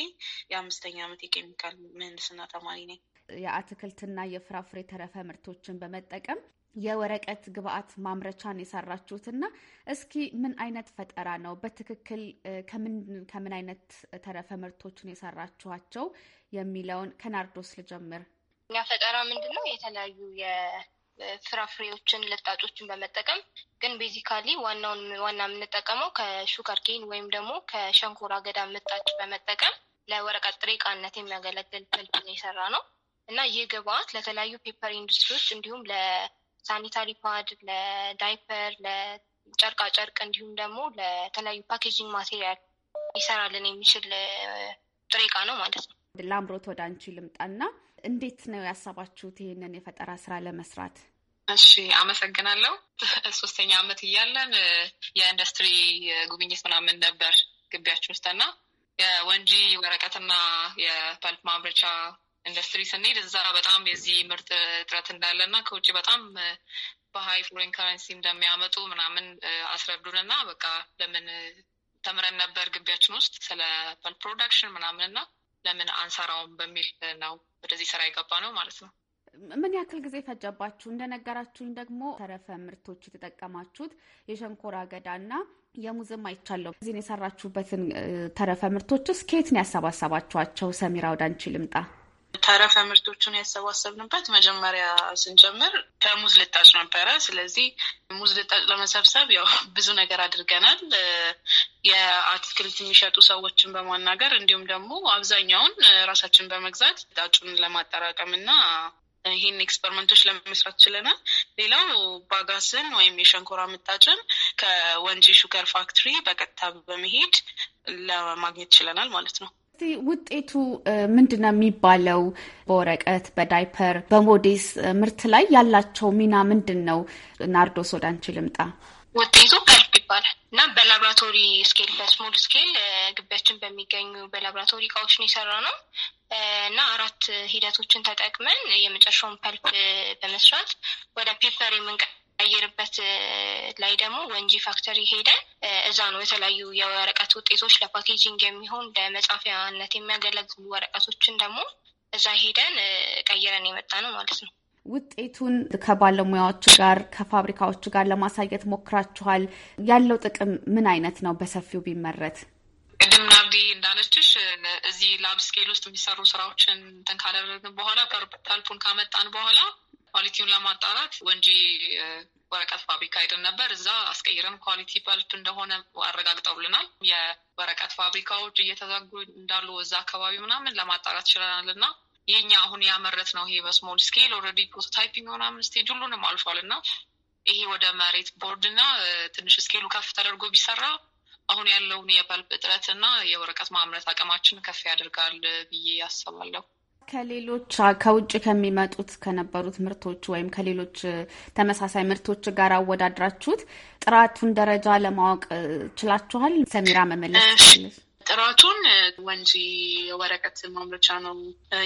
የአምስተኛ ዓመት የኬሚካል ምህንድስና ተማሪ ነኝ። የአትክልትና የፍራፍሬ ተረፈ ምርቶችን በመጠቀም የወረቀት ግብአት ማምረቻን የሰራችሁት እና እስኪ ምን አይነት ፈጠራ ነው በትክክል ከምን አይነት ተረፈ ምርቶችን የሰራችኋቸው የሚለውን ከናርዶስ ልጀምር። እኛ ፈጠራ ምንድን ነው የተለያዩ የፍራፍሬዎችን ልጣጮችን በመጠቀም ግን ቤዚካሊ ዋናውን ዋና የምንጠቀመው ከሹጋር ኬን ወይም ደግሞ ከሸንኮራ አገዳ ምጣጭ በመጠቀም ለወረቀት ጥሬ ዕቃነት የሚያገለግል ፐልፕ የሰራ ነው እና ይህ ግብአት ለተለያዩ ፔፐር ኢንዱስትሪዎች እንዲሁም ለሳኒታሪ ፓድ፣ ለዳይፐር፣ ለጨርቃ ጨርቅ እንዲሁም ደግሞ ለተለያዩ ፓኬጂንግ ማቴሪያል ይሰራልን የሚችል ጥሬ እቃ ነው ማለት ነው። ለአምሮት ወደ አንቺ ልምጣና እንዴት ነው ያሰባችሁት ይህንን የፈጠራ ስራ ለመስራት? እሺ አመሰግናለሁ። ሶስተኛ አመት እያለን የኢንዱስትሪ ጉብኝት ምናምን ነበር ግቢያችን ውስጥና የወንጂ ወረቀትና የፐልፕ ማምረቻ ኢንዱስትሪ ስንሄድ እዛ በጣም የዚህ ምርት እጥረት እንዳለ እና ከውጭ በጣም በሀይ ፎሬን ከረንሲ እንደሚያመጡ ምናምን አስረዱን እና በቃ ለምን ተምረን ነበር ግቢያችን ውስጥ ስለ ፐል ፕሮዳክሽን ምናምን እና ለምን አንሰራውም በሚል ነው ወደዚህ ስራ የገባ ነው ማለት ነው። ምን ያክል ጊዜ ፈጀባችሁ? እንደነገራችሁኝ ደግሞ ተረፈ ምርቶች የተጠቀማችሁት የሸንኮራ አገዳ እና የሙዝም አይቻለሁ። እዚህን የሰራችሁበትን ተረፈ ምርቶች ውስጥ ከየት ነው ያሰባሰባችኋቸው? ሰሚራ ወዳንቺ ልምጣ። ተረፈ ምርቶቹን ያሰባሰብንበት መጀመሪያ ስንጀምር ከሙዝ ልጣጭ ነበረ። ስለዚህ ሙዝ ልጣጭ ለመሰብሰብ ያው ብዙ ነገር አድርገናል። የአትክልት የሚሸጡ ሰዎችን በማናገር እንዲሁም ደግሞ አብዛኛውን ራሳችን በመግዛት ልጣጩን ለማጠራቀም እና ይህን ኤክስፐሪመንቶች ለመስራት ችለናል። ሌላው ባጋስን ወይም የሸንኮራ ምጣጭን ከወንጂ ሹገር ፋክትሪ በቀጥታ በመሄድ ለማግኘት ችለናል ማለት ነው። እስቲ ውጤቱ ምንድን ነው የሚባለው? በወረቀት በዳይፐር በሞዴስ ምርት ላይ ያላቸው ሚና ምንድን ነው? ናርዶስ ወደ አንቺ ልምጣ። ውጤቱ ፐልፕ ይባላል እና በላብራቶሪ ስኬል በስሞል ስኬል ግቢያችን በሚገኙ በላብራቶሪ እቃዎች ነው የሰራ ነው እና አራት ሂደቶችን ተጠቅመን የመጨረሻውን ፐልፕ በመስራት ወደ ፔፐር የምንቀ ቀይርበት ላይ ደግሞ ወንጂ ፋክተሪ ሄደን እዛ ነው የተለያዩ የወረቀት ውጤቶች ለፓኬጂንግ የሚሆን ለመጻፊያነት የሚያገለግሉ ወረቀቶችን ደግሞ እዛ ሄደን ቀይረን የመጣ ነው ማለት ነው። ውጤቱን ከባለሙያዎቹ ጋር ከፋብሪካዎቹ ጋር ለማሳየት ሞክራችኋል። ያለው ጥቅም ምን አይነት ነው? በሰፊው ቢመረት ቅድም ናብዲ እንዳለችሽ እዚህ ላብ ስኬል ውስጥ የሚሰሩ ስራዎችን እንትን ካደረግን በኋላ ፐልፑን ካመጣን በኋላ ኳሊቲውን ለማጣራት ወንጂ ወረቀት ፋብሪካ ሄደን ነበር። እዛ አስቀይረን ኳሊቲ በልፍ እንደሆነ አረጋግጠውልናል። የወረቀት ፋብሪካዎች እየተዘጉ እንዳሉ እዛ አካባቢ ምናምን ለማጣራት ችለናል እና የኛ አሁን ያመረት ነው ይሄ በስሞል ስኬል ኦልሬዲ ፕሮቶታይፒንግ ምናምን ስቴጅ ሁሉንም አልፏል እና ይሄ ወደ መሬት ቦርድ እና ትንሽ ስኬሉ ከፍ ተደርጎ ቢሰራ አሁን ያለውን የፐልፕ እጥረት እና የወረቀት ማምረት አቅማችን ከፍ ያደርጋል ብዬ ያስባለሁ። ከሌሎች ከውጭ ከሚመጡት ከነበሩት ምርቶች ወይም ከሌሎች ተመሳሳይ ምርቶች ጋር አወዳድራችሁት ጥራቱን ደረጃ ለማወቅ ችላችኋል? ሰሚራ መመለስ ጥራቱን ወንጂ የወረቀት ማምረቻ ነው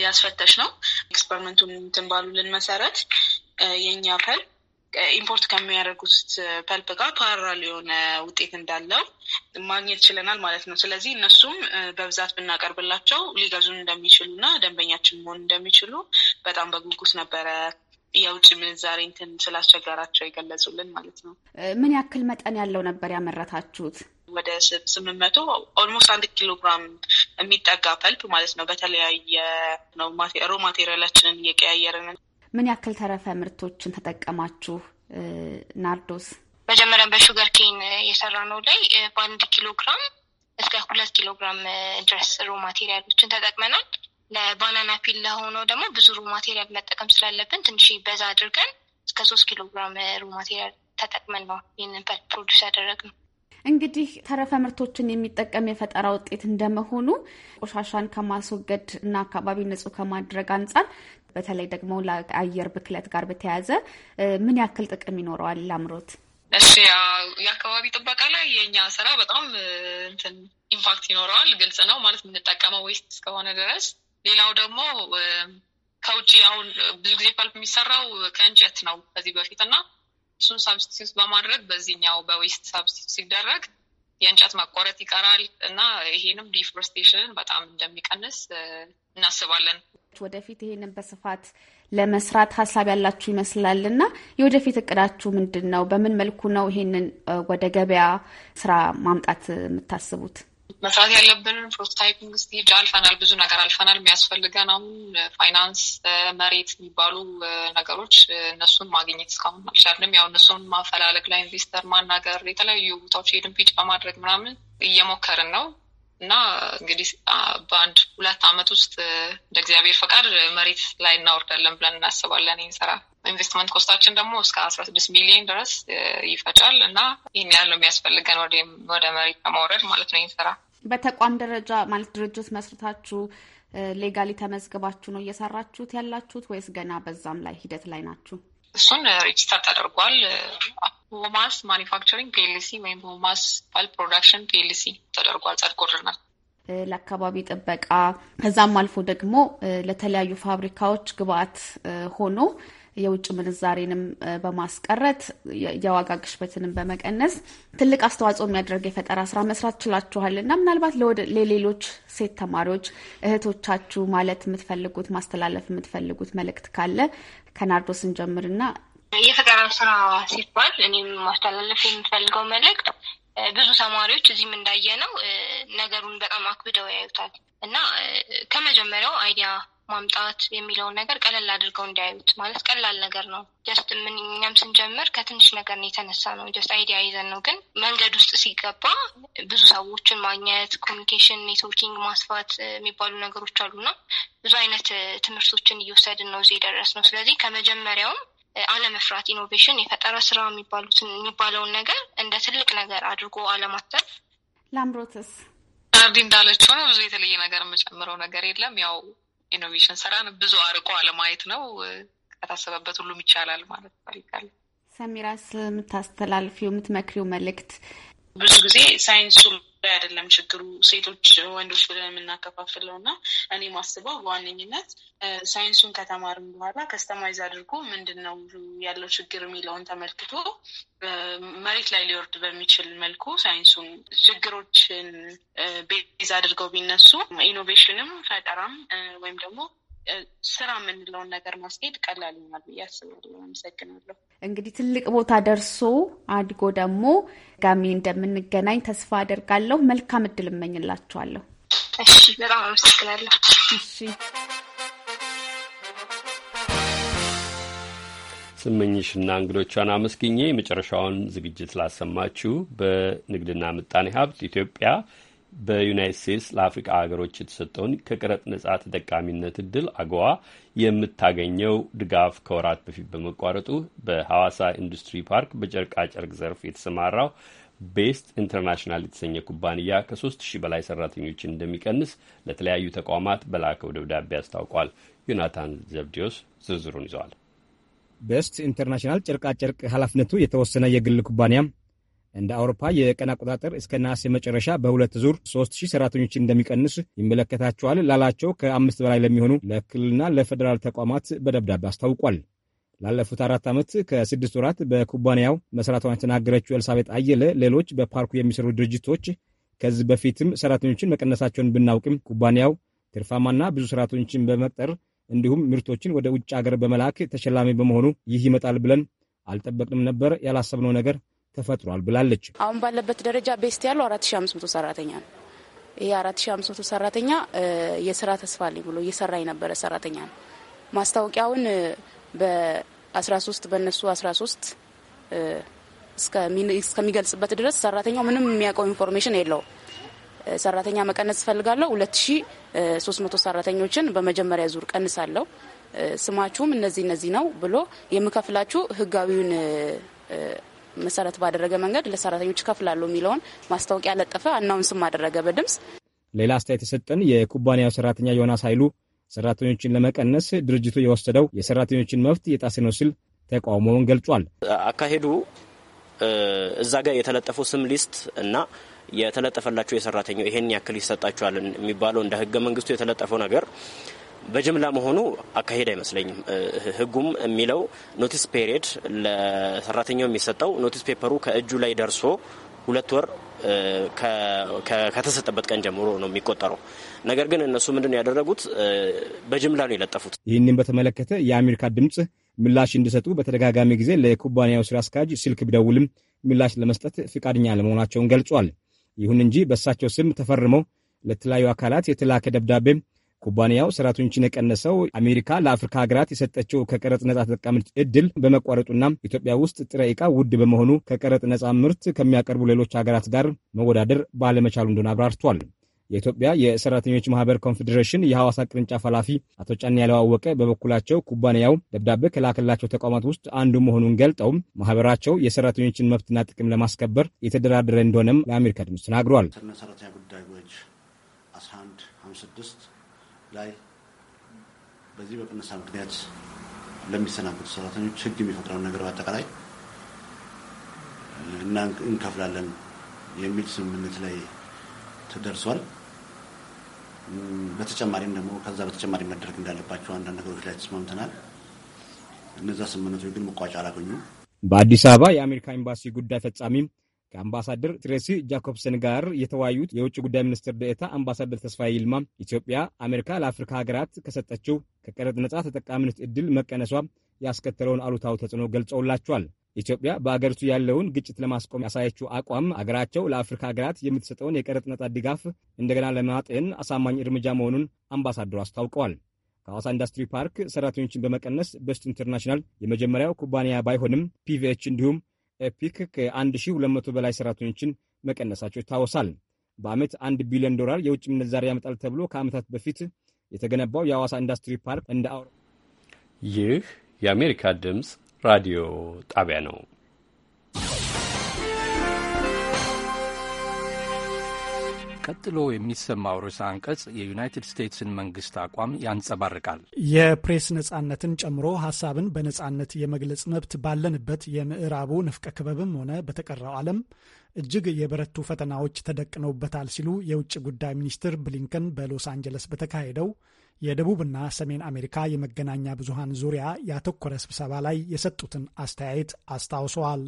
ያስፈተሽ ነው። ኤክስፐሪመንቱን እንትን ባሉልን መሰረት የእኛ ፈል ኢምፖርት ከሚያደርጉት ፐልፕ ጋር ፓራል የሆነ ውጤት እንዳለው ማግኘት ችለናል ማለት ነው። ስለዚህ እነሱም በብዛት ብናቀርብላቸው ሊገዙን እንደሚችሉ እና ደንበኛችን መሆን እንደሚችሉ በጣም በጉጉት ነበረ የውጭ ምንዛሬ እንትን ስላስቸገራቸው የገለጹልን ማለት ነው። ምን ያክል መጠን ያለው ነበር ያመረታችሁት? ወደ ስምንት መቶ ኦልሞስት አንድ ኪሎ ግራም የሚጠጋ ፐልፕ ማለት ነው። በተለያየ ነው ሮ ማቴሪያላችንን እየቀያየርን ምን ያክል ተረፈ ምርቶችን ተጠቀማችሁ? ናርዶስ፣ መጀመሪያም በሹገር ኬን የሰራ ነው ላይ በአንድ ኪሎ ግራም እስከ ሁለት ኪሎ ግራም ድረስ ሮ ማቴሪያሎችን ተጠቅመናል። ለባናና ፒል ለሆነው ደግሞ ብዙ ሮ ማቴሪያል መጠቀም ስላለብን ትንሽ በዛ አድርገን እስከ ሶስት ኪሎ ግራም ሮ ማቴሪያል ተጠቅመን ነው ይህንን ፕሮዲስ ያደረግነው። እንግዲህ ተረፈ ምርቶችን የሚጠቀም የፈጠራ ውጤት እንደመሆኑ ቆሻሻን ከማስወገድ እና አካባቢ ንጹህ ከማድረግ አንጻር በተለይ ደግሞ ለአየር ብክለት ጋር በተያያዘ ምን ያክል ጥቅም ይኖረዋል አምሮት? እሺ የአካባቢ ጥበቃ ላይ የእኛ ስራ በጣም እንትን ኢምፓክት ይኖረዋል። ግልጽ ነው ማለት የምንጠቀመው ዌስት እስከሆነ ድረስ። ሌላው ደግሞ ከውጭ አሁን ብዙ ጊዜ ፐልፕ የሚሰራው ከእንጨት ነው ከዚህ በፊት እና እሱን ሳብስቲቱት በማድረግ በዚህኛው በዌስት ሳብስቲቱት ሲደረግ የእንጨት መቆረጥ ይቀራል እና ይሄንም ዲፍሮስቴሽንን በጣም እንደሚቀንስ እናስባለን። ወደፊት ይሄንን በስፋት ለመስራት ሀሳብ ያላችሁ ይመስላል እና የወደፊት እቅዳችሁ ምንድን ነው? በምን መልኩ ነው ይሄንን ወደ ገበያ ስራ ማምጣት የምታስቡት? መስራት ያለብን ፕሮቶታይፒንግ ስቴጅ አልፈናል። ብዙ ነገር አልፈናል። የሚያስፈልገን አሁን ፋይናንስ፣ መሬት የሚባሉ ነገሮች እነሱን ማግኘት እስካሁን አልቻልንም። ያው እነሱን ማፈላለግ ላይ ኢንቨስተር ማናገር፣ የተለያዩ ቦታዎች ሄድን ፒጫ በማድረግ ምናምን እየሞከርን ነው። እና እንግዲህ በአንድ ሁለት ዓመት ውስጥ እንደ እግዚአብሔር ፈቃድ መሬት ላይ እናወርዳለን ብለን እናስባለን። ይህን ስራ ኢንቨስትመንት ኮስታችን ደግሞ እስከ አስራ ስድስት ሚሊዮን ድረስ ይፈጫል እና ይህን ያለው የሚያስፈልገን ወደ መሬት ለማውረድ ማለት ነው። ይህን ስራ በተቋም ደረጃ ማለት ድርጅት መስርታችሁ ሌጋሊ ተመዝግባችሁ ነው እየሰራችሁት ያላችሁት ወይስ ገና በዛም ላይ ሂደት ላይ ናችሁ? እሱን ሬጅስተር ተደርጓል። ቦማስ ማኒፋክቸሪንግ ፒኤልሲ ወይም ቦማስ ባል ፕሮዳክሽን ፒኤልሲ ተደርጓል ጸድቆልናል። ለአካባቢ ጥበቃ ከዛም አልፎ ደግሞ ለተለያዩ ፋብሪካዎች ግብአት ሆኖ የውጭ ምንዛሬንም በማስቀረት የዋጋ ግሽበትንም በመቀነስ ትልቅ አስተዋጽኦ የሚያደርግ የፈጠራ ስራ መስራት ችላችኋል እና ምናልባት ለሌሎች ሴት ተማሪዎች እህቶቻችሁ ማለት የምትፈልጉት ማስተላለፍ የምትፈልጉት መልእክት ካለ ከናርዶስን ጀምርና የፈጠራ ስራ ሲባል እኔም ማስተላለፍ የምፈልገው መልእክት ብዙ ተማሪዎች እዚህም እንዳየ ነው ነገሩን በጣም አክብደው ያዩታል እና ከመጀመሪያው አይዲያ ማምጣት የሚለውን ነገር ቀለል አድርገው እንዲያዩት ማለት ቀላል ነገር ነው። ጀስት ምንኛም እኛም ስንጀምር ከትንሽ ነገር ነው የተነሳ ነው። ጀስት አይዲያ ይዘን ነው። ግን መንገድ ውስጥ ሲገባ ብዙ ሰዎችን ማግኘት፣ ኮሚኒኬሽን፣ ኔትወርኪንግ ማስፋት የሚባሉ ነገሮች አሉና ብዙ አይነት ትምህርቶችን እየወሰድን ነው እዚህ የደረስ ነው። ስለዚህ ከመጀመሪያውም አለመፍራት፣ ኢኖቬሽን፣ የፈጠራ ስራ የሚባሉትን የሚባለውን ነገር እንደ ትልቅ ነገር አድርጎ አለማተፍ። ላምሮትስ ሰርዲ እንዳለችው ነው። ብዙ የተለየ ነገር የምጨምረው ነገር የለም። ያው ኢኖቬሽን ስራን ብዙ አርቆ አለማየት ነው። ከታሰበበት ሁሉም ይቻላል ማለት ይፈልጋል። ሰሚራስ የምታስተላልፊው የምትመክሪው መልእክት ብዙ ጊዜ ሳይንሱ ላይ አይደለም ችግሩ ሴቶች ወንዶች ብለን የምናከፋፍለው እና እኔ ማስበው በዋነኝነት ሳይንሱን ከተማርም በኋላ ከስተማይዝ አድርጎ ምንድን ነው ያለው ችግር የሚለውን ተመልክቶ መሬት ላይ ሊወርድ በሚችል መልኩ ሳይንሱን ችግሮችን ቤዝ አድርገው ቢነሱ ኢኖቬሽንም ፈጠራም ወይም ደግሞ ስራ የምንለውን ነገር ማስኬድ ቀላል ይሆናል ብዬ አስባለሁ። አመሰግናለሁ። እንግዲህ ትልቅ ቦታ ደርሶ አድጎ ደግሞ ጋሚ እንደምንገናኝ ተስፋ አደርጋለሁ። መልካም እድል እመኝላችኋለሁ። እሺ፣ በጣም አመሰግናለሁ። እሺ። ስመኝሽና እንግዶቿን አመስግኜ የመጨረሻውን ዝግጅት ላሰማችሁ። በንግድና ምጣኔ ሀብት ኢትዮጵያ በዩናይት ስቴትስ ለአፍሪቃ ሀገሮች የተሰጠውን ከቀረጥ ነጻ ተጠቃሚነት እድል አገዋ የምታገኘው ድጋፍ ከወራት በፊት በመቋረጡ በሐዋሳ ኢንዱስትሪ ፓርክ በጨርቃጨርቅ ዘርፍ የተሰማራው ቤስት ኢንተርናሽናል የተሰኘ ኩባንያ ከሶስት ሺህ በላይ ሰራተኞችን እንደሚቀንስ ለተለያዩ ተቋማት በላከው ደብዳቤ አስታውቋል። ዮናታን ዘብዲዮስ ዝርዝሩን ይዘዋል። ቤስት ኢንተርናሽናል ጨርቃጨርቅ ኃላፊነቱ የተወሰነ የግል ኩባንያ እንደ አውሮፓ የቀን አቆጣጠር እስከ ነሐሴ መጨረሻ በሁለት ዙር 3000 ሰራተኞችን እንደሚቀንስ ይመለከታቸዋል ላላቸው ከአምስት በላይ ለሚሆኑ ለክልልና ለፌዴራል ተቋማት በደብዳቤ አስታውቋል። ላለፉት አራት ዓመት ከስድስት ወራት በኩባንያው መስራቷን የተናገረችው ኤልሳቤጥ አየለ ሌሎች በፓርኩ የሚሰሩ ድርጅቶች ከዚህ በፊትም ሰራተኞችን መቀነሳቸውን ብናውቅም ኩባንያው ትርፋማና ብዙ ሰራተኞችን በመቅጠር እንዲሁም ምርቶችን ወደ ውጭ አገር በመላክ ተሸላሚ በመሆኑ ይህ ይመጣል ብለን አልጠበቅንም ነበር። ያላሰብነው ነገር ተፈጥሯል ብላለች። አሁን ባለበት ደረጃ ቤስት ያለው አራት05ምስት መቶ ሰራተኛ ነው። ይህ መቶ ሰራተኛ የስራ ተስፋ አለኝ ብሎ እየሰራ የነበረ ሰራተኛ ነው። ማስታወቂያውን በ13 በእነሱ ሶስት እስከሚገልጽበት ድረስ ሰራተኛው ምንም የሚያውቀው ኢንፎርሜሽን የለው ሰራተኛ መቀነስ እፈልጋለሁ፣ ሁ3መቶ ሰራተኞችን በመጀመሪያ ዙር ቀንሳለሁ፣ ስማችሁም እነዚህ እነዚህ ነው ብሎ የምከፍላችሁ ህጋዊውን መሰረት ባደረገ መንገድ ለሰራተኞች ከፍላሉ የሚለውን ማስታወቂያ ለጠፈ፣ አናውንስም አደረገ በድምፅ። ሌላ አስተያየት የሰጠን የኩባንያው ሰራተኛ ዮናስ ኃይሉ ሰራተኞችን ለመቀነስ ድርጅቱ የወሰደው የሰራተኞችን መብት የጣሰ ነው ሲል ተቃውሞውን ገልጿል። አካሄዱ እዛ ጋር የተለጠፈው ስም ሊስት እና የተለጠፈላቸው የሰራተኛው ይሄን ያክል ይሰጣቸዋል የሚባለው እንደ ህገ መንግስቱ የተለጠፈው ነገር በጅምላ መሆኑ አካሄድ አይመስለኝም። ህጉም የሚለው ኖቲስ ፔሪድ ለሰራተኛው የሚሰጠው ኖቲስ ፔፐሩ ከእጁ ላይ ደርሶ ሁለት ወር ከተሰጠበት ቀን ጀምሮ ነው የሚቆጠረው። ነገር ግን እነሱ ምንድን ነው ያደረጉት? በጅምላ ነው የለጠፉት። ይህንን በተመለከተ የአሜሪካ ድምፅ ምላሽ እንዲሰጡ በተደጋጋሚ ጊዜ ለኩባንያው ስራ አስኪያጅ ስልክ ቢደውልም ምላሽ ለመስጠት ፍቃደኛ ለመሆናቸውን ገልጿል። ይሁን እንጂ በእሳቸው ስም ተፈርመው ለተለያዩ አካላት የተላከ ደብዳቤ ኩባንያው ሰራተኞችን የቀነሰው አሜሪካ ለአፍሪካ ሀገራት የሰጠችው ከቀረጥ ነጻ ተጠቃሚዎች እድል በመቋረጡና ኢትዮጵያ ውስጥ ጥሬ ዕቃ ውድ በመሆኑ ከቀረጥ ነጻ ምርት ከሚያቀርቡ ሌሎች ሀገራት ጋር መወዳደር ባለመቻሉ እንደሆነ አብራርቷል። የኢትዮጵያ የሰራተኞች ማህበር ኮንፌዴሬሽን የሐዋሳ ቅርንጫፍ ኃላፊ አቶ ጫን ያለዋወቀ በበኩላቸው ኩባንያው ደብዳቤ ከላከላቸው ተቋማት ውስጥ አንዱ መሆኑን ገልጠው ማህበራቸው የሰራተኞችን መብትና ጥቅም ለማስከበር የተደራደረ እንደሆነም ለአሜሪካ ድምፅ ተናግሯል። ሰራተኛ ጉዳዮች 1156 ላይ በዚህ በቅነሳ ምክንያት ለሚሰናበቱ ሰራተኞች ህግ የሚፈጥረውን ነገር በአጠቃላይ እና እንከፍላለን የሚል ስምምነት ላይ ተደርሷል። በተጨማሪም ደግሞ ከዛ በተጨማሪ መደረግ እንዳለባቸው አንዳንድ ነገሮች ላይ ተስማምተናል። እነዛ ስምምነቶች ግን መቋጫ አላገኙም። በአዲስ አበባ የአሜሪካ ኤምባሲ ጉዳይ ፈጻሚም ከአምባሳደር ትሬሲ ጃኮብሰን ጋር የተወያዩት የውጭ ጉዳይ ሚኒስትር ደኤታ አምባሳደር ተስፋዬ ይልማ ኢትዮጵያ አሜሪካ ለአፍሪካ ሀገራት ከሰጠችው ከቀረጥ ነጻ ተጠቃሚነት እድል መቀነሷ ያስከተለውን አሉታዊ ተጽዕኖ ገልጸውላቸዋል። ኢትዮጵያ በአገሪቱ ያለውን ግጭት ለማስቆም ያሳየችው አቋም አገራቸው ለአፍሪካ ሀገራት የምትሰጠውን የቀረጥ ነጻ ድጋፍ እንደገና ለማጤን አሳማኝ እርምጃ መሆኑን አምባሳደሩ አስታውቀዋል። ከሐዋሳ ኢንዱስትሪ ፓርክ ሰራተኞችን በመቀነስ በስት ኢንተርናሽናል የመጀመሪያው ኩባንያ ባይሆንም ፒቪኤች እንዲሁም ኤፒክ ከ1200 በላይ ሰራተኞችን መቀነሳቸው ይታወሳል። በዓመት አንድ ቢሊዮን ዶላር የውጭ ምንዛሪ ያመጣል ተብሎ ከዓመታት በፊት የተገነባው የአዋሳ ኢንዱስትሪ ፓርክ እንደ አውሮ ይህ የአሜሪካ ድምፅ ራዲዮ ጣቢያ ነው። ቀጥሎ የሚሰማው ርዕሰ አንቀጽ የዩናይትድ ስቴትስን መንግስት አቋም ያንጸባርቃል። የፕሬስ ነጻነትን ጨምሮ ሀሳብን በነጻነት የመግለጽ መብት ባለንበት የምዕራቡ ንፍቀ ክበብም ሆነ በተቀረው ዓለም እጅግ የበረቱ ፈተናዎች ተደቅነውበታል ሲሉ የውጭ ጉዳይ ሚኒስትር ብሊንከን በሎስ አንጀለስ በተካሄደው የደቡብና ሰሜን አሜሪካ የመገናኛ ብዙሃን ዙሪያ ያተኮረ ስብሰባ ላይ የሰጡትን አስተያየት አስታውሰዋል።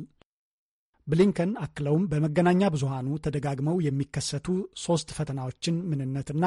ብሊንከን አክለውም በመገናኛ ብዙሃኑ ተደጋግመው የሚከሰቱ ሶስት ፈተናዎችን ምንነትና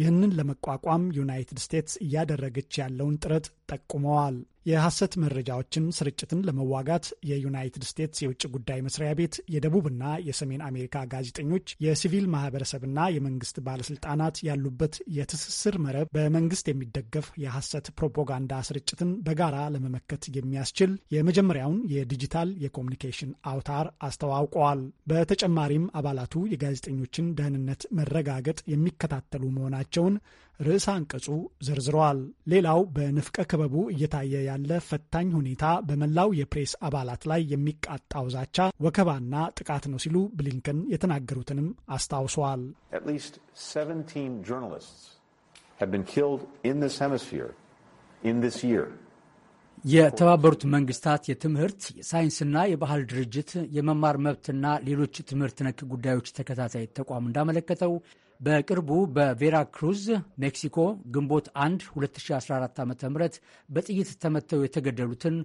ይህንን ለመቋቋም ዩናይትድ ስቴትስ እያደረገች ያለውን ጥረት ጠቁመዋል። የሐሰት መረጃዎችን ስርጭትን ለመዋጋት የዩናይትድ ስቴትስ የውጭ ጉዳይ መስሪያ ቤት የደቡብና የሰሜን አሜሪካ ጋዜጠኞች፣ የሲቪል ማህበረሰብና የመንግስት ባለስልጣናት ያሉበት የትስስር መረብ በመንግስት የሚደገፍ የሐሰት ፕሮፓጋንዳ ስርጭትን በጋራ ለመመከት የሚያስችል የመጀመሪያውን የዲጂታል የኮሚኒኬሽን አውታር አስተዋውቀዋል። በተጨማሪም አባላቱ የጋዜጠኞችን ደህንነት መረጋገጥ የሚከታተሉ መሆናቸውን ርዕሰ አንቀጹ ዘርዝረዋል። ሌላው በንፍቀ ክበቡ እየታየ ያለ ፈታኝ ሁኔታ በመላው የፕሬስ አባላት ላይ የሚቃጣው ዛቻ፣ ወከባና ጥቃት ነው ሲሉ ብሊንከን የተናገሩትንም አስታውሰዋል። የተባበሩት መንግስታት የትምህርት የሳይንስና የባህል ድርጅት የመማር መብትና ሌሎች ትምህርት ነክ ጉዳዮች ተከታታይ ተቋም እንዳመለከተው በቅርቡ በቬራክሩዝ ሜክሲኮ ግንቦት 1 2014 ዓ ም በጥይት ተመተው የተገደሉትን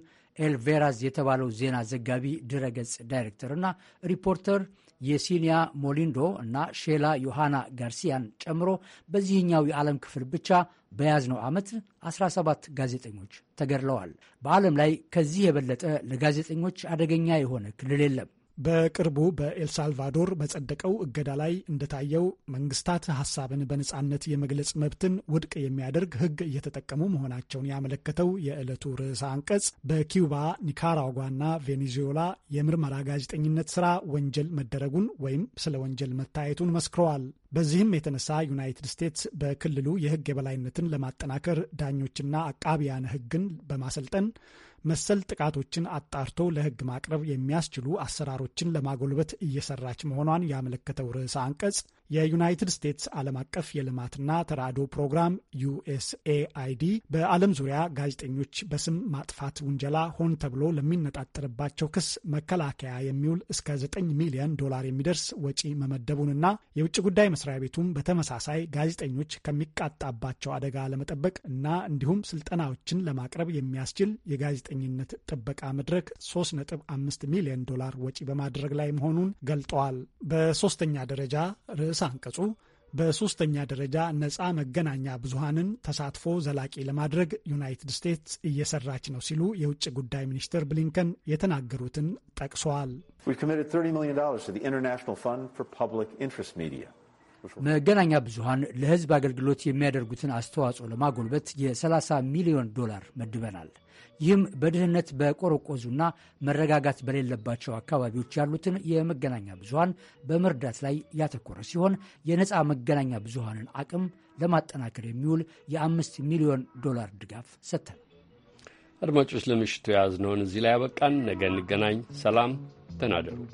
ኤልቬራዝ የተባለው ዜና ዘጋቢ ድረገጽ ዳይሬክተርና ሪፖርተር የሲኒያ ሞሊንዶ እና ሼላ ዮሃና ጋርሲያን ጨምሮ በዚህኛው የዓለም ክፍል ብቻ በያዝነው ዓመት 17 ጋዜጠኞች ተገድለዋል። በዓለም ላይ ከዚህ የበለጠ ለጋዜጠኞች አደገኛ የሆነ ክልል የለም። በቅርቡ በኤልሳልቫዶር በጸደቀው እገዳ ላይ እንደታየው መንግስታት ሀሳብን በነጻነት የመግለጽ መብትን ውድቅ የሚያደርግ ሕግ እየተጠቀሙ መሆናቸውን ያመለከተው የዕለቱ ርዕሰ አንቀጽ በኪውባ፣ ኒካራጓና ቬኔዙዌላ የምርመራ ጋዜጠኝነት ስራ ወንጀል መደረጉን ወይም ስለ ወንጀል መታየቱን መስክረዋል። በዚህም የተነሳ ዩናይትድ ስቴትስ በክልሉ የሕግ የበላይነትን ለማጠናከር ዳኞችና አቃቢያን ሕግን በማሰልጠን መሰል ጥቃቶችን አጣርቶ ለሕግ ማቅረብ የሚያስችሉ አሰራሮችን ለማጎልበት እየሰራች መሆኗን ያመለከተው ርዕሰ አንቀጽ የዩናይትድ ስቴትስ ዓለም አቀፍ የልማትና ተራድኦ ፕሮግራም ዩኤስኤአይዲ በዓለም ዙሪያ ጋዜጠኞች በስም ማጥፋት ውንጀላ ሆን ተብሎ ለሚነጣጠርባቸው ክስ መከላከያ የሚውል እስከ 9 ሚሊዮን ዶላር የሚደርስ ወጪ መመደቡንና የውጭ ጉዳይ መስሪያ ቤቱም በተመሳሳይ ጋዜጠኞች ከሚቃጣባቸው አደጋ ለመጠበቅ እና እንዲሁም ስልጠናዎችን ለማቅረብ የሚያስችል የጋዜጠኝነት ጥበቃ መድረክ 3.5 ሚሊዮን ዶላር ወጪ በማድረግ ላይ መሆኑን ገልጠዋል። በሶስተኛ ደረጃ ርዕስ ርዕሰ አንቀጹ በሦስተኛ ደረጃ ነፃ መገናኛ ብዙሃንን ተሳትፎ ዘላቂ ለማድረግ ዩናይትድ ስቴትስ እየሰራች ነው ሲሉ የውጭ ጉዳይ ሚኒስትር ብሊንከን የተናገሩትን ጠቅሰዋል። መገናኛ ብዙሃን ለሕዝብ አገልግሎት የሚያደርጉትን አስተዋጽኦ ለማጎልበት የ30 ሚሊዮን ዶላር መድበናል። ይህም በድህነት በቆረቆዙና መረጋጋት በሌለባቸው አካባቢዎች ያሉትን የመገናኛ ብዙሃን በመርዳት ላይ ያተኮረ ሲሆን የነፃ መገናኛ ብዙሃንን አቅም ለማጠናከር የሚውል የአምስት ሚሊዮን ዶላር ድጋፍ ሰጥተን አድማጮች፣ ለምሽቱ የያዝነውን እዚህ ላይ ያበቃን። ነገ እንገናኝ። ሰላም ተናደሩ።